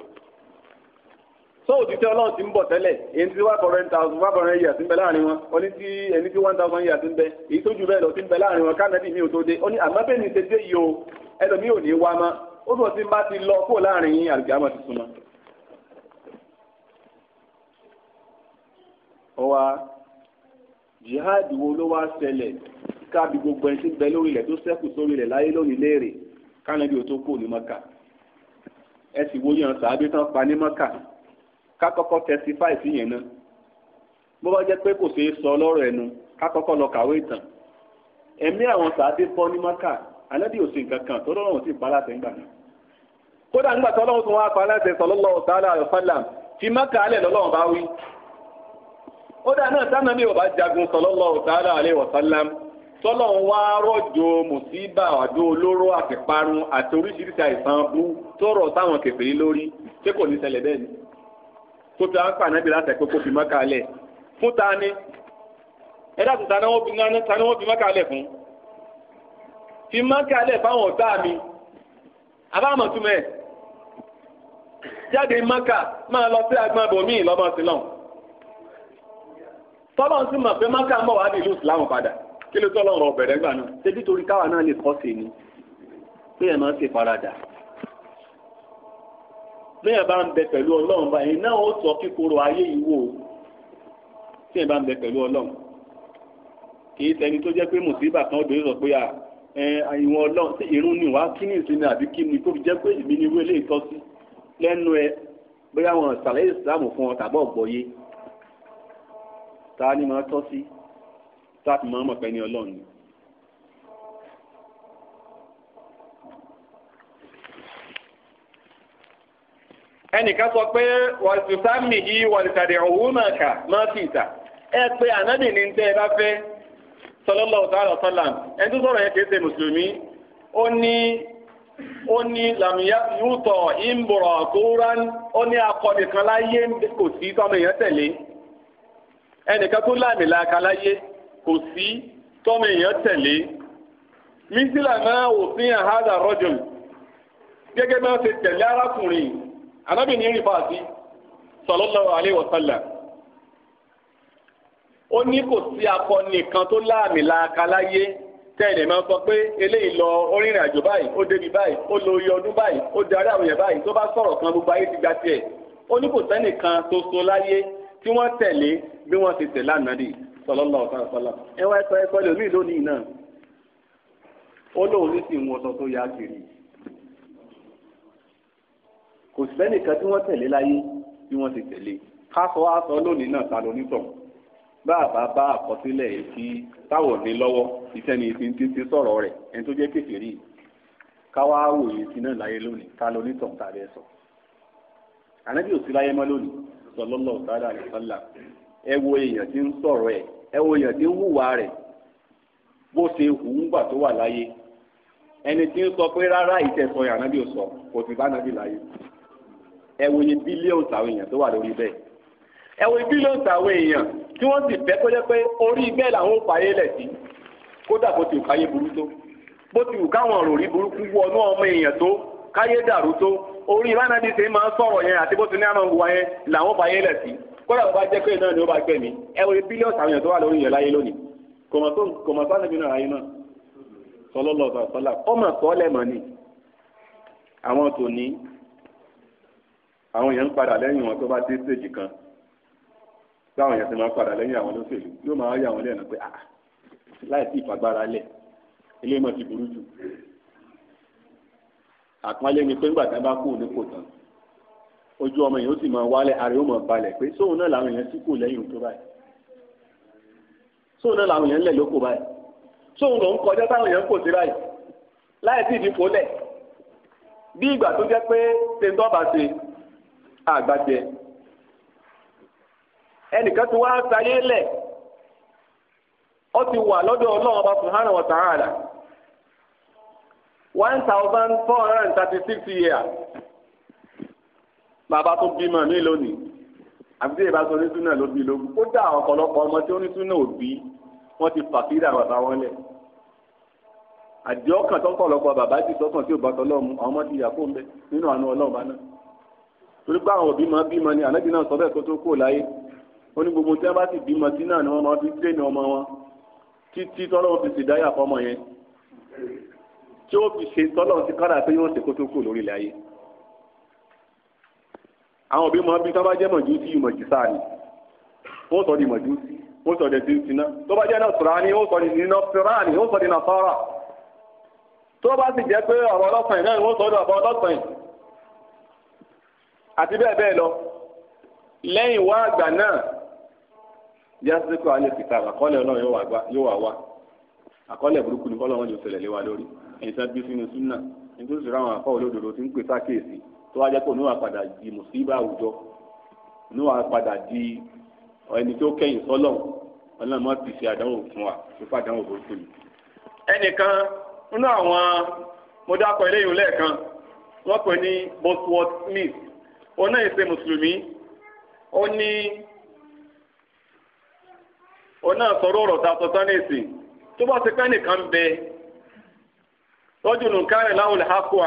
sọ ọlọ́run ti ń bọ̀ one thousand one thousand ń bẹ èyí tó bẹ́ẹ̀ lọ ti ń bẹ láàrin wọn mi ọwa jihad wo ló wá ṣẹlẹ̀ káàbí gbogbo ẹni tí ń bẹ lórí ilẹ̀ tó ṣẹ́kù sórí ilẹ̀ láyé lónìí léèrè kánàbí ò tó kú ní mọ́kà ẹ sì wo yan sàábí tán pa ní mọ́kà ká kọ́kọ́ testify sí yẹn náà bó bá jẹ́ pé kò ṣeé sọ lọ́rọ̀ ẹnu ká kọ́kọ́ lọ kàwé ìtàn ẹ̀mí àwọn sàábí fọ́ ní mọ́kà anábì òsì nǹkan kan tó lọ́rùn sí ìpaláṣẹ ńgbà náà kódà ńgbà tó lọ́rùn tó wá paláṣẹ sallallahu ta'ala alaihi wasallam fi mọ́kà alẹ́ kódà náà sànàbí ọba jagun sallallahu ta'ala alaihi wasallam tọ́lọ̀ ń wá rọ̀jò mùsíbà àdó olóró àtìparun àti oríṣiríṣi àìsàn bú tọrọ táwọn kèfèrí lórí ṣé kò ní ṣẹlẹ̀ bẹ́ẹ̀ ni tó fi kó fi Mákà lẹ̀ fún ta ni ẹ fi maka lẹ̀ fún fi Mákà lẹ̀ fáwọn ọ̀tá mi jáde lọ sí agbábọ̀ tọ́lọ́n sì mọ̀ pé mákà mọ̀ wá nílùú ìsìláàmù padà kí ló tọ́lọ́n rọ̀ bẹ̀rẹ̀ gbà náà ṣébí torí káwa náà lè kọ́ sí ni pé ẹ̀ máa ń ṣe faradà bí ẹ̀ bá ń bẹ pẹ̀lú ọlọ́run báyìí náà ó sọ kíkorò ayé yìí wò ó tí ẹ̀ bá ń bẹ pẹ̀lú ọlọ́run kì í ṣẹni tó jẹ́ pé mùsíbà kan obìnrin sọ pé ìwọ̀n ọlọ́run sí irun ni wàá kí ní ìsinmi àbí kí ni tó fi jẹ́ pé èmi ni irú eléyìí tọ́ sí lẹ́nu ẹ bóyá wọn ṣàlàyé ìsìláàmù fún ọ tàbí ọ̀gbọ́yé ta ni máa tọ́ sí táàtì máa mọ̀ pé ní ọlọ́run ni. ẹnìkan sọ pé wàlùsùsámì yìí wàlùsàdì ọ̀hún náà kà máa fi ìta ẹ pé ànábì ní tẹ́ ẹ bá fẹ́ sọlọ́lọ́ ọ̀tàlọ́ sọ́làm ẹni tó sọ̀rọ̀ yẹn kì í ṣe mùsùlùmí ó ní ó ní làmìyá yúùtọ̀ ìmbùrọ̀ kóran ó ní akọni kan láyé kò sí tọ́mọ èèyàn tẹ̀lé ẹnìkan tó láàmì làákà láyé kò sí tọ́mọ èèyàn tẹ̀lé mísílà náà ò sí àhádà rọ́jò gẹ́gẹ́ bí wọ́n ṣe tẹ̀lé arákùnrin anábìnrin rìn fàásì sallallahu alaihi wasallam ó ní kò sí akọni kan tó láàmì làákà láyé tẹ́lẹ̀ máa sọ pé eléyìí lọ orìnrìn àjò báyìí ó débi báyìí ó lo iye ọdún báyìí ó darí àwọn yẹn báyìí tó bá sọ̀rọ̀ kan gbogbo ayé ti gba tiẹ̀ ó ní kò sẹ́nìkan tó so láyé tí wọ́n tẹ̀lé bí wọ́n ti tẹ̀lé ànábì sọlọ́lọ́ ọ̀sánṣọ́lá ẹ wá ẹ̀kọ́ ẹ̀kọ́ lè mí lónìí náà ó lóun ní sì ń wọṣọ tó yá kiri kò sẹ́nìkan tí wọ́n tẹ̀lé láyé bí wọ́n ti tẹ̀lé kásọ àsọ lónìí náà ta lónítọ̀ báàbá bá àkọsílẹ̀ èsì táwọn ní lọ́wọ́ iṣẹ́ ni ti ń títí sọ̀rọ̀ rẹ̀ ẹni tó jẹ́ kékeré káwá wòye sí náà láyé lónìí ta lónítọ̀ ta bẹ́ẹ̀ sọ ànábì ò sí mọ́ lónìí sallallahu ta'ala alaihi wasallam ẹ wo èèyàn tí ń sọ̀rọ̀ ẹ̀ ẹ wo èèyàn tí ń hùwà rẹ̀ bó ṣe hù ń gbà tó wà láyé ẹni tí ń sọ pé rárá ìtẹ̀sọ̀ yàrá sọ kò sì bá láyé ẹ wo iye bílíọ̀nù àwọn èèyàn tó wà lórí bẹ́ẹ̀ ẹ wo bílíọ̀nù àwọn èèyàn tí wọ́n sì fẹ́ kó jẹ́ pé orí bẹ́ẹ̀ làwọn ò fàyè lẹ̀ sí kódà bó ti burú tó ọmọ èèyàn tó káyé dàrú tó orí máa ń sọ̀rọ̀ yẹn àti bó ti kódà bó bá jẹ́ pé náà ni ó bá gbẹ̀ mí ẹ wo bílíọ̀nù àwọn èèyàn tó wà lórí yẹn láyé lónìí kò mọ̀ sánàbí náà ayé náà sọlọ́lọ́ sọ̀tọ́lá ọmọ sọ́ọ́lẹ̀ mọ̀ ni àwọn tòní àwọn èèyàn ń padà lẹ́yìn wọn tó bá dé stage kan táwọn èèyàn ti máa ń padà lẹ́yìn àwọn olóṣèlú yóò máa yà wọ́n lẹ́nu pé ah láìsí ìfagbára lẹ̀ eléyìí mọ̀ ti burú jù àpọ́nlé ni pé ńgbà tí wọ́n bá kú ní kò tán ojú ọmọ yẹn ó sì máa wálẹ̀ ààrẹ máa balẹ̀ pé sóun náà làwọn èèyàn síkù lẹ́yìn tó báyìí sóun náà làwọn èèyàn lẹ̀ lóko báyìí sóun lòún kọjá táwọn èèyàn kò sí báyìí láì sí bí ìgbà tó jẹ́ pé bá ṣe àgbàjẹ ẹnìkan wá sáyé lẹ̀ ó ti wà lọ́dọ̀ ọlọ́run ọba one thousand four hundred thirty six years. bàbá tó bímọ ní lónìí àbí tí ìbá sọ ní súnà ló bí lógún ó dá ọ̀pọ̀lọpọ̀ ọmọ tí ó ní súnà òbí wọ́n ti fàkírà bàbá wọn lẹ̀ àdìẹ ọkàn tó kọ̀lọ́pọ̀ bàbá ti sọ́kàn tí ò bá tọ́lọ́mù àwọn ọmọ ti yà fún bẹ nínú àánú ọlọ́run bá náà torí pé àwọn òbí máa bímọ ni ànábì náà sọ bẹ́ẹ̀ kó tó kó láyé ó ní gbogbo tí wọ́n bá sì bímọ sí náà ni wọ́n máa fi tréènì ọmọ wọn àwọn òbí máa bí tó bá jẹ́ mọ̀jú sí ìmọ̀jú sáà ni wọ́n sọ di mọ̀jú sí wọ́n sọ di sinna tó bá jẹ́ nasarani wọ́n sọ di nasarani wọ́n sọ di nasara tó bá sì jẹ́ pé ọ̀rọ̀ ọlọ́sàn náà wọ́n sọ di ọ̀rọ̀ ọlọ́sàn àti bẹ́ẹ̀ bẹ́ẹ̀ lọ lẹ́yìn wá àgbà náà yásíkò alẹ́ kìtà àkọọ́lẹ̀ ọlọ́run yóò wá wá àkọọ́lẹ̀ burúkú ni kọ́lọ́run yóò ṣẹlẹ̀ lé wa lórí ẹ̀yìn tí wọ́n bí sínú súnà nítorí sọ̀rọ̀ àwọn àkọ́ olódodo ti ń pè sákèésì tó wájẹ́ pé oníwà padà di mùsíbà àwùjọ padà di ẹni tó kẹ́yìn sọ́lọ̀ ọlọ́run ti ṣe àdánwò fún wa tó fàdánwò tó fún mi. ẹnìkan nínú àwọn mo eléyìí lẹ́ẹ̀kan wọ́n pè ní Bosworth Smith òun náà ṣe mùsùlùmí ó ní òun náà sọ̀rọ̀ ọ̀rọ̀ ta tó bá ti pẹ́ nìkan bẹ lọ́jọ́ láwùlẹ̀ hákùá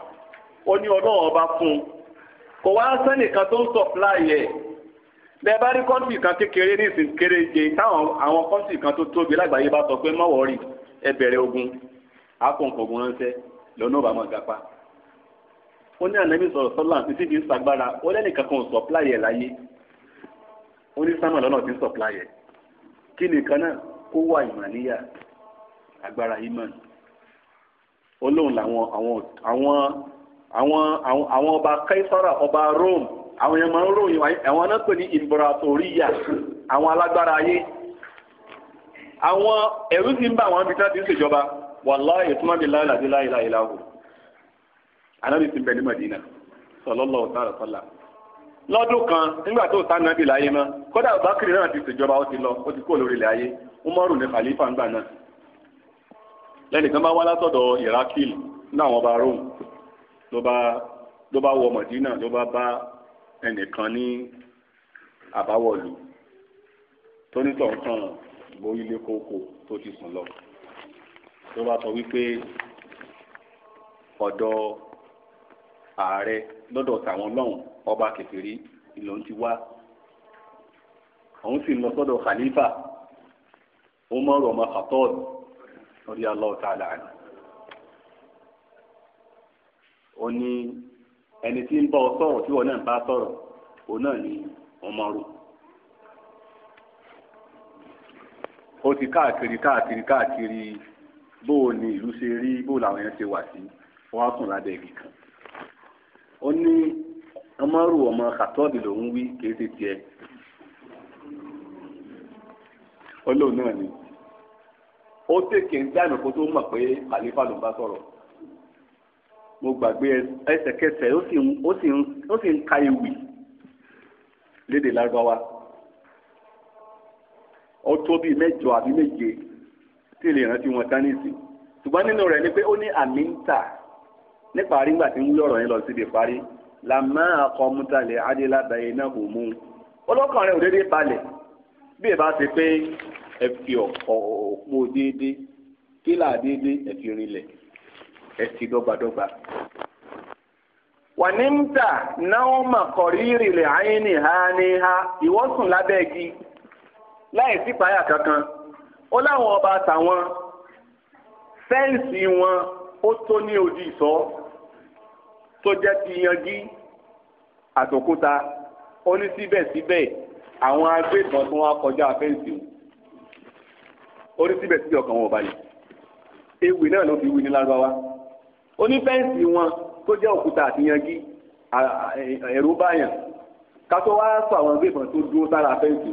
ó ní ọlọ́run ọba fún un kò wá sẹ́nìkan tó ń sọ̀pláì ẹ̀ bẹ́ẹ̀ bá rí kọ́ńtì kan kékeré ní ìsìn kéréje táwọn àwọn kọ́ńtì kan tó tóbi lágbàáyé bá sọ pé mọ̀wọ́ rí ẹ bẹ̀rẹ̀ ogun akọ̀ǹkọ̀gùn ránṣẹ́ lọ́nà ọba máa gapa ó ní ànábì sọ̀rọ̀ sọ́lá títí fi ń sagbára ó lẹ́nìkan kan sọ̀pláì ẹ̀ láyé ó ní sámà lọ́nà tí ń sọ̀pláì ẹ̀ kí nìkan náà kó wà ìmàníyà agbára ìmàn olóhùn làwọn àwọn àwọn àwọn àwọn ọba kaisara ọba rome àwọn yẹn máa ń ròyìn àwọn náà pè ní imbratoria àwọn alágbára ayé àwọn ẹ̀rú ti ń bá àwọn abitá ti ń ṣèjọba wàláhì ìtumọ̀ mi láyé láti láyé láyé láwò anábì ti ń bẹ ní Madina sọlọ́lọ́ ọ̀tàrà sọ́là lọ́dún kan nígbà tó ta nàbì láyé mọ́ kódà bákìrì náà ti ṣèjọba ó ti lọ ó ti kó lórí ilẹ̀ ayé Umaru ní khalifa ńgbà náà lẹ́nìkan bá wá látọ̀dọ̀ Irakil náà wọn bá Rome ló bá ló bá wọ mọ̀dínà ló bá bá ẹnìkan ní àbáwọ̀lù tónítọ̀ kan borí lé kókó tó ti sùn lọ ló bá sọ wípé ọ̀dọ̀ ààrẹ lọ́dọ̀ tàwọn lọ́hùn ọba kẹfìrí ìlò ń ti wá òun sì lọ sọ́dọ̀ khalifa Umar ọmọ Khattab radiyallahu ta'ala anhu ó ní ẹni tí ń bá ọ sọ̀rọ̀ tí wọn náà bá sọ̀rọ̀ òun náà ni ọmọ rò ó ti káàkiri káàkiri káàkiri bó o ní ìlú ṣe rí bó làwọn èèyàn ṣe wà sí wọn á sùn lábẹ́ igi kan ó ní ọmọ rò ọmọ kàtọ́ọ̀dì lòún wí kì ṣe tiẹ̀ olóòun náà ni ó tètè ń dáná kó tó mọ̀ pé àlífà ló ń bá sọ̀rọ̀ mo gbàgbé ẹsẹ̀kẹsẹ̀ ó sì ń ka ewì lédè lárúbáwá ó tó bíi mẹ́jọ àbí méje tí lè rántí wọn tánìsì ṣùgbọ́n nínú rẹ̀ ni pé ó ní àmì ń tà nípa rí ńgbà tí ń wí ọ̀rọ̀ yẹn lọ síbi parí làmá àkọmútalẹ̀ adélábàáyé náà kò mú un ọlọ́kàn rẹ̀ ò déédéé balẹ̀ bí ẹ bá ṣe pé ẹ fi ọ̀pọ̀ òpó déédéé kílà déédéé ẹ fi rinlẹ̀ ẹtì dọ́gbadọ́gba. wànímtà náà mà kọ̀rírì lè àyín ní ha ní ha ìwọ́sùn lábẹ́ igi láì sí kankan ó ọba àtàwọn fẹ́ǹsì wọn ó tó ní ojú ìsọ́ tó jẹ́ ti yanjú àtòkúta ó ní síbẹ̀síbẹ̀ àwọn agbébọn tó wá kọjá fẹ́ǹsì ó ní síbẹ̀síbẹ̀ ọkàn wọn ò balẹ̀ ewì náà ló fi wí onífẹ́ǹsì wọn tó jẹ́ òkúta àtìyangí ẹ̀rú báyàn kátó wá sọ àwọn ẹgbẹ́ ìbọn tó dúró sára fẹ́ǹsì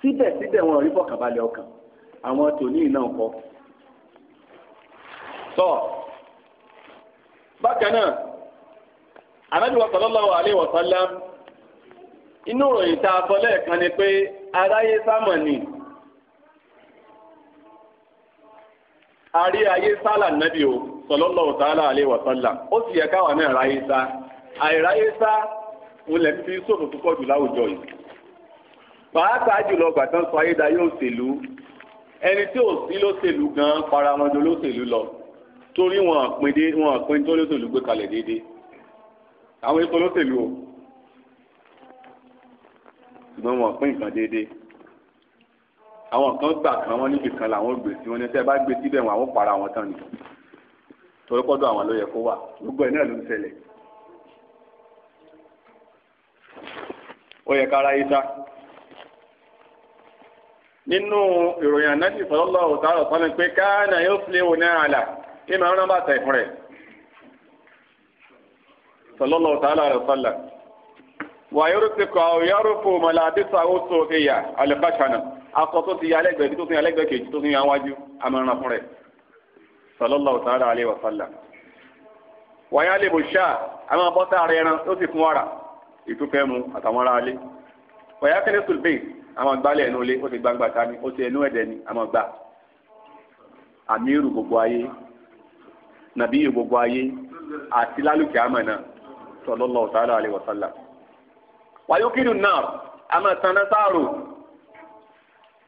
síbẹ̀síbẹ̀ wọn rí fọkànbalẹ̀ ọkàn àwọn tòní náà kọ́ tọ́ bákan náà Ànábì sallallahu alaihi wasallam inú ìròyìn tá a sọ lẹ́ẹ̀kan ni pé aráyé sámọ̀ ni àrí ayé sálà nàbí o sallallahu ta'ala alaihi wa sallam ó sì yẹ káwa náà ráyé sá àìráyé sá ń lẹ́ fi sóòfò púpọ̀ jù láwùjọ yìí pàápàá jùlọ gbàtàn sọ ayédáyé òṣèlú ẹni tí ò sí lóṣèlú gan para wọn jọ lóṣèlú lọ torí wọn pin dé wọn pin tó lóṣèlú gbé kalẹ̀ déédéé àwọn èso lóṣèlú o ṣùgbọ́n wọn pín nǹkan déédéé àwọn kan gbà kan wọn níbi kan làwọn gbèsè wọn ní sẹ́ẹ̀ bá gbèsè bẹ́ẹ̀ wọn àwọn para wọn tán ni. torí kọ́dọ̀ àwọn ló yẹ kó wà gbogbo ẹ̀ náà ló ń ṣẹlẹ̀ ó yẹ kára yìí ta nínú ìròyìn ànábì sọlọ́lọ́ òtárọ̀ sọ́mi pé káànà yóò fi léwu náà àlà kí màá rán bàtà ìfún rẹ̀ sọlọ́lọ́ òtárọ̀ rẹ̀ sọ́là wà yọrọ ti kọ àwọn yọrọ fún ọmọlá àdìsá tó akọ tó ti yà tó ti yà sallallahu ta'ala alayhi wa sallam wàyà lè bò ṣáà àwọn abọ́tà ara ẹran ló sì fún wàrà ìtúfẹ́ mu àtàwọn ará alé wàyà kẹ́lẹ́ sùlbẹ́ àwọn àgbálẹ̀ ẹnu ilé ó ti gbangba ta ni ó ti ẹnu ẹ̀dẹ̀ ni àwọn gbà àmírù gbogbo ayé nàbíyù gbogbo ayé àti lálùkì àmà náà sallallahu ta'ala alayhi wa sallam wàyà kírun náà àmà sanná sáàrò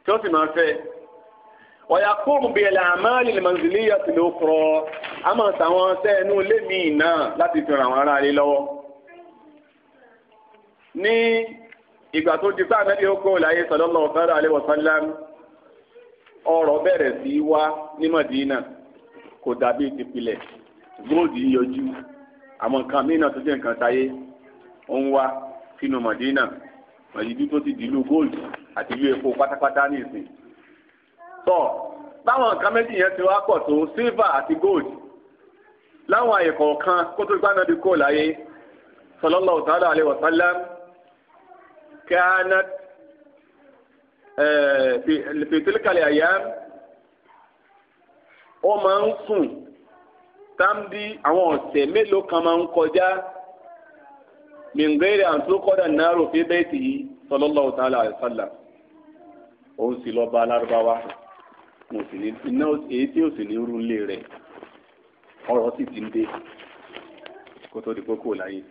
tí ó sì máa fẹ́ ويقوم kóòmù bíi ẹ̀lẹ́ àmàlì lẹ́mọ̀nsílẹ̀ yàtì ló kọ́ a máa tàwọn sẹ́ẹ̀nù lẹ́mìí náà láti fi ràn wọ́n ara rẹ lọ́wọ́. ní ìgbà tó di fáwọn ẹbí okò láyé sọlọ́lọ́ ọ̀fẹ́rẹ́ alẹ́ wọ̀sánlám ọ̀rọ̀ bẹ̀rẹ̀ sí í wá ní Mọ̀dínà kò dàbí ìtìpilẹ̀ góòdì yọjú àwọn nǹkan míì náà tó jẹ́ nǹkan táyé ó ń wá sínú Mọ̀dínà mọ̀lẹ́bí tó ti dìlú góòdì àti ilé epo pátápátá ní ìsìn tọ̀ báwọn nǹkan méjì yẹn ti wá pọ̀ tó sílvà àti gold láwọn àyè kọ̀ọ̀kan kó tó gbá nàbí kó láyé sallallahu ta'ala eh, ó máa ń sùn táǹdì àwọn ọ̀sẹ̀ mélòó kan máa ń kọjá wa iná èyí tí ò sì ní rú rẹ̀ ọ̀rọ̀ sì ti ń dé kó tó di kókó láyé.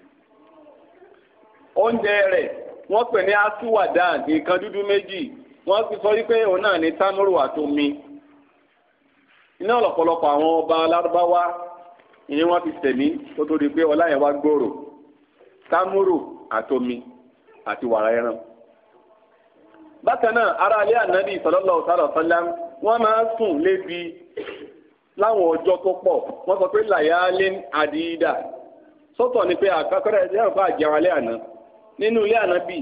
oúnjẹ rẹ̀ wọ́n pè ní asúwàdà nǹkan dúdú méjì wọ́n ti sọ wípé òun náà ní támúrù àtomi iná àwọn ọba alárúbáwá ìyẹn wọ́n ti tẹ̀mí kó tó di pé ọlá yẹn wá gbòòrò támúrù àtomi àti wàrà ẹran. bákan náà ará ilé ànábì sallallahu alaihi wọ́n máa ń sùn lébi láwọn ọjọ́ tó pọ̀ wọ́n sọ pé làyálé àdìdà sọ́tọ̀ ni pé àkọ́kọ́rẹ́ ẹ̀sìn náà fà jẹun alẹ́ àná nínú ilé àná bì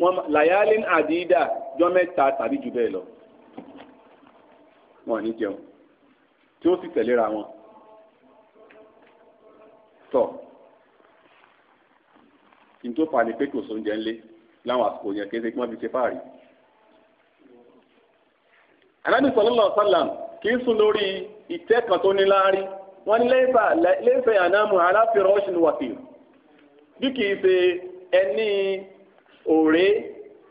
wọ́n làyálé àdìdà jọ mẹ́ta tàbí jù bẹ́ẹ̀ lọ wọn ò ní jẹun tí ó sì tẹ̀léra wọn tọ̀ kí n tó fà ní pé kò sóúnjẹ ńlé láwọn àsìkò yẹn kéde kí wọ́n fi ṣe fáàrí anábì sallallahu alaihi wasallam kì í sùn lórí ìtẹ́ kan tó ní láárí wọ́n ní laysa yanamu ala firashin wafir bí kì í ṣe ẹni òré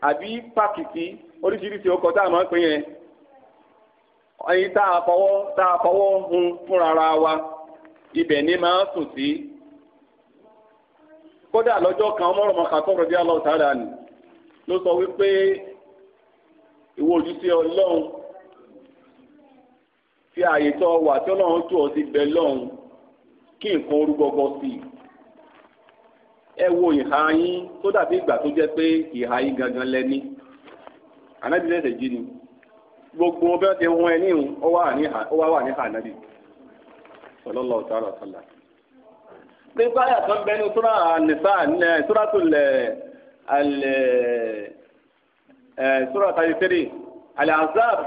àbí pàkìtì oríṣiríṣi ọkọ̀ tá a máa ń pè yẹn ẹyin tá a fọwọ́ tá a fọwọ́ hun fúnra wa ibẹ̀ ni máa ń sùn sí kódà lọ́jọ́ kan ọmọọ̀rọ̀ mọ̀kàtọ́ rẹ̀ bí aláwọ̀ sára ni ló sọ wípé ìwọ òjúṣe ọlọ́run fi ààyè tó wà tí ọlọ́run tó ọ sí bẹ lọ́hùn kí nǹkan orúgbọgbọ sí i ẹ wo ìhà yín tó dàbí ìgbà tó jẹ́ pé ìhà yín gangan lẹ́ni ànábì lẹsẹ jí ni gbogbo bí ti hún ẹ wà ní ìhà ànábì tó ń bẹnu tó lẹ azab.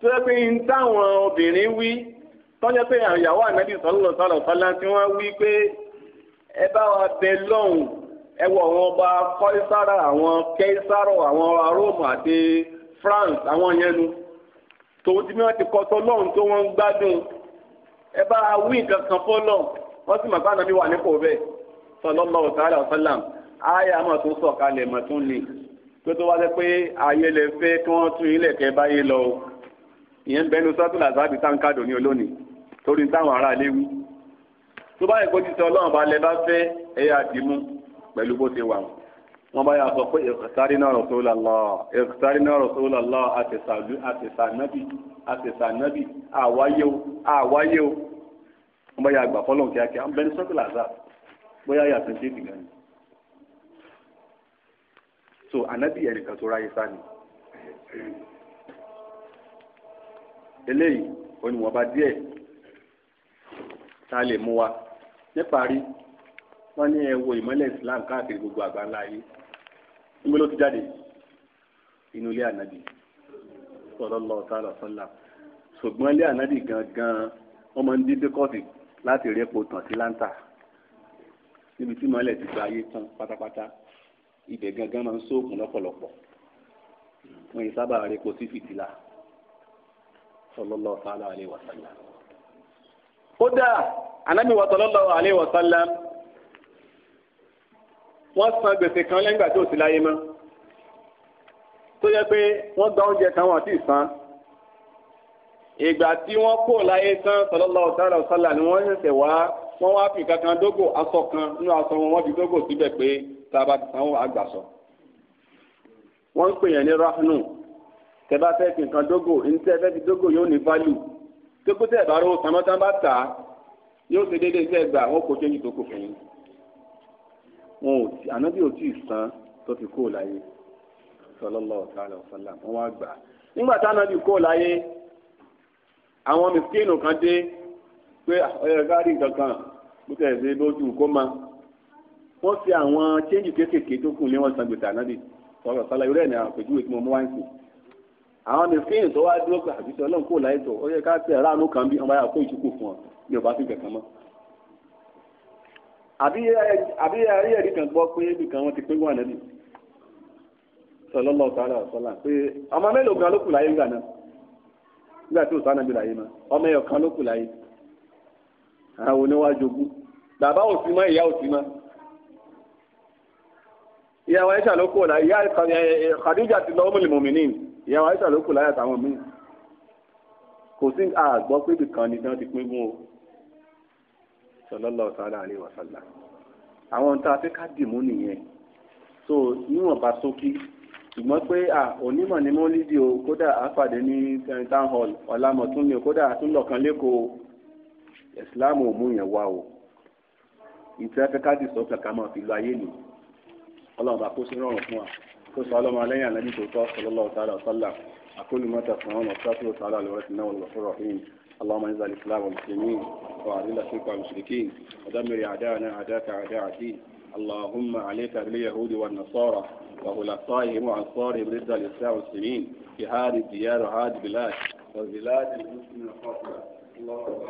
tó yẹ pé ń táwọn obìnrin wí tọ́jọ́ pé àyàwó ànábì sọ́lọ́ sọ́lọ́ sọ́lá tí wọ́n wí pé ẹ bá wa bẹ lọ́hùn ẹ wọ àwọn ọba kọ́ísára àwọn kẹ́ísárọ̀ àwọn róòmù àti France àwọn yẹn nu tòun tí wọ́n ti kọ́ sọ́lọ́hùn tó wọ́n ń gbádùn ẹ bá wí nǹkan kan fọ́lọ́ wọ́n sì mọ̀ pé ànábì wà nípò bẹ́ẹ̀ sọlọ́lọ́ sọ́lá sọ́lá ayé àmọ̀ tó sọ̀kalẹ̀ mọ̀ tún lè tó tó wá lẹ́ pé ayé lè fẹ́ kí wọ́n tún ilẹ̀ kẹ́ báyé lọ ìyẹn bẹnu sọ́tún làzábì táǹkàdò ní olónìí torí táwọn ará ilé wí tó bá yẹ kó ti sọ ọlọ́run bá lẹ bá fẹ́ ẹ̀yà àdìmú pẹ̀lú bó ṣe wà wọ́n bá yà sọ pé ìkùsárì náà Rasulullah ìkùsárì náà Rasulullah àtẹ̀sànábì àtẹ̀sànábì àwáyé o àwáyé o wọ́n bá yà àgbà fọlọ́n kíákíá ń bẹnu sọ́tún làzábì bóyá yàtọ̀ ṣe ti gani so ànábì ẹnìkan tó ráyé sáni eléyìí oníwọ̀nba díẹ̀ tá a lè mú wa níparí wọ́n ní ẹ wo Islam káàkiri gbogbo àgbáńlá ayé níbo ló ti jáde inú ilé ànábì sallallahu ta'ala sallam ṣùgbọ́n ilé ànábì gangan wọ́n máa ń dín dékọ́ọ̀tì láti rí epo tàn sí láńtà níbi tí ìmọ́lẹ̀ ti gba ayé tán pátápátá ibẹ̀ gangan máa ń sóògùn lọ́pọ̀lọpọ̀ wọ́n yìí sábà rí epo sí fìtílà sọlọ́lọ́ sálá àlẹ́ wàsálà. kódà anábì wàsálọ́lọ́ àlẹ́ wàsálà wọ́n san gbèsè kan lẹ́yìn ìgbà tó sì láyé mọ́ tó yẹ pé wọ́n gba oúnjẹ kan wọ́n àti ìsan ìgbà tí wọ́n kó láyé tán sọlọ́lọ́ sálá sálá ni wọ́n ṣẹ̀ṣẹ̀ wá wọ́n wá fi kankan dógò aṣọ kan nínú aṣọ wọn wọ́n fi dógò síbẹ̀ pé tá a bá ti sanwó àgbàsọ. wọ́n ń pè yẹn ní rahnu tẹ bá fẹ́ fi nǹkan dógò ntẹ fẹ́ fi dógò yóò ní value tókó tẹ bá rówó bá tà á yóò ṣe déédéé gbà kò change tó kò fún wọn ò tí ànábì ò tí ì san tó fi kó láyé wa sallam wọn wá gbà nígbà tánábì kó láyé àwọn kan dé pé ọyọ ah, gáàrí kankan tẹ̀ ṣe ju kó ma wọ́n fi àwọn change kéékèèké tó kù san gbèsè àwọn mìfín tó wá dúró pé àbísọ ọlọ́run kò láyé tó ó yẹ ká tẹ ẹ̀rọ àánú kan bí ọmọ yàrá kó ìtukù fún ọ ní ọba fi kẹ̀kẹ́ mọ́. àbí àbí ayé ẹ̀rí kan gbọ́ pé ibì kan wọ́n ti pín wọn nẹ́bí sọlọ́lọ́ ọ̀tá àlọ́ sọlá pé ọmọ mélòó kan ló kù láyé ńgbà náà nígbà tí òsán nàbí láyé mọ́ ọmọ ẹ̀yọ̀ kan ló kù láyé àwọn oníwájú ogún bàbá ò sí mọ́ ìyá ò sí mọ́ ìyàwó ẹ̀ṣà ló kù láyé ìyá Khadija ti lọ́ ọmọ ìmọ̀mìnì ìyá wa ìṣàló kù láyà táwọn míì kò sí àgbọ́ pé ibìkan ni tí wọ́n ti pín gún o sallallahu ta'ala alaihi wa sallam àwọn ohun tá a fẹ́ ká dìmú nìyẹn so níwọ̀nba sókí ṣùgbọ́n pé à onímọ̀ ni mo lídì o kódà àfàdé ní eh, town hall ọ̀làmọ̀tún ni o kódà àtúnlọ̀kan lẹ́kọ̀ọ́ ìsìláàmù ò mú yẹn wá o ìtẹ́fẹ́ ká dì sọ́kàn máa fi lo ayé nìyí ọlọ́run bá kó sí rọrùn fún wa kó sọ alọ́mọ alẹ́yìn ànábì tó tọ́ sallallahu ta'ala wa sallam aqulu ma tasma'un astaghfirullaha ta'ala al-wasi'u innahu al-ghafur rahim اللهم انزل الإسلام والمسلمين واذل الشرك والمشركين ودمر اعداءنا اعداءك اعداء الدين اللهم عليك باليهود والنصارى وخلفائهم وانصارهم ضد الإسلام والمسلمين في هذه الديار وهذه البلاد وبلاد المسلمين الخاصه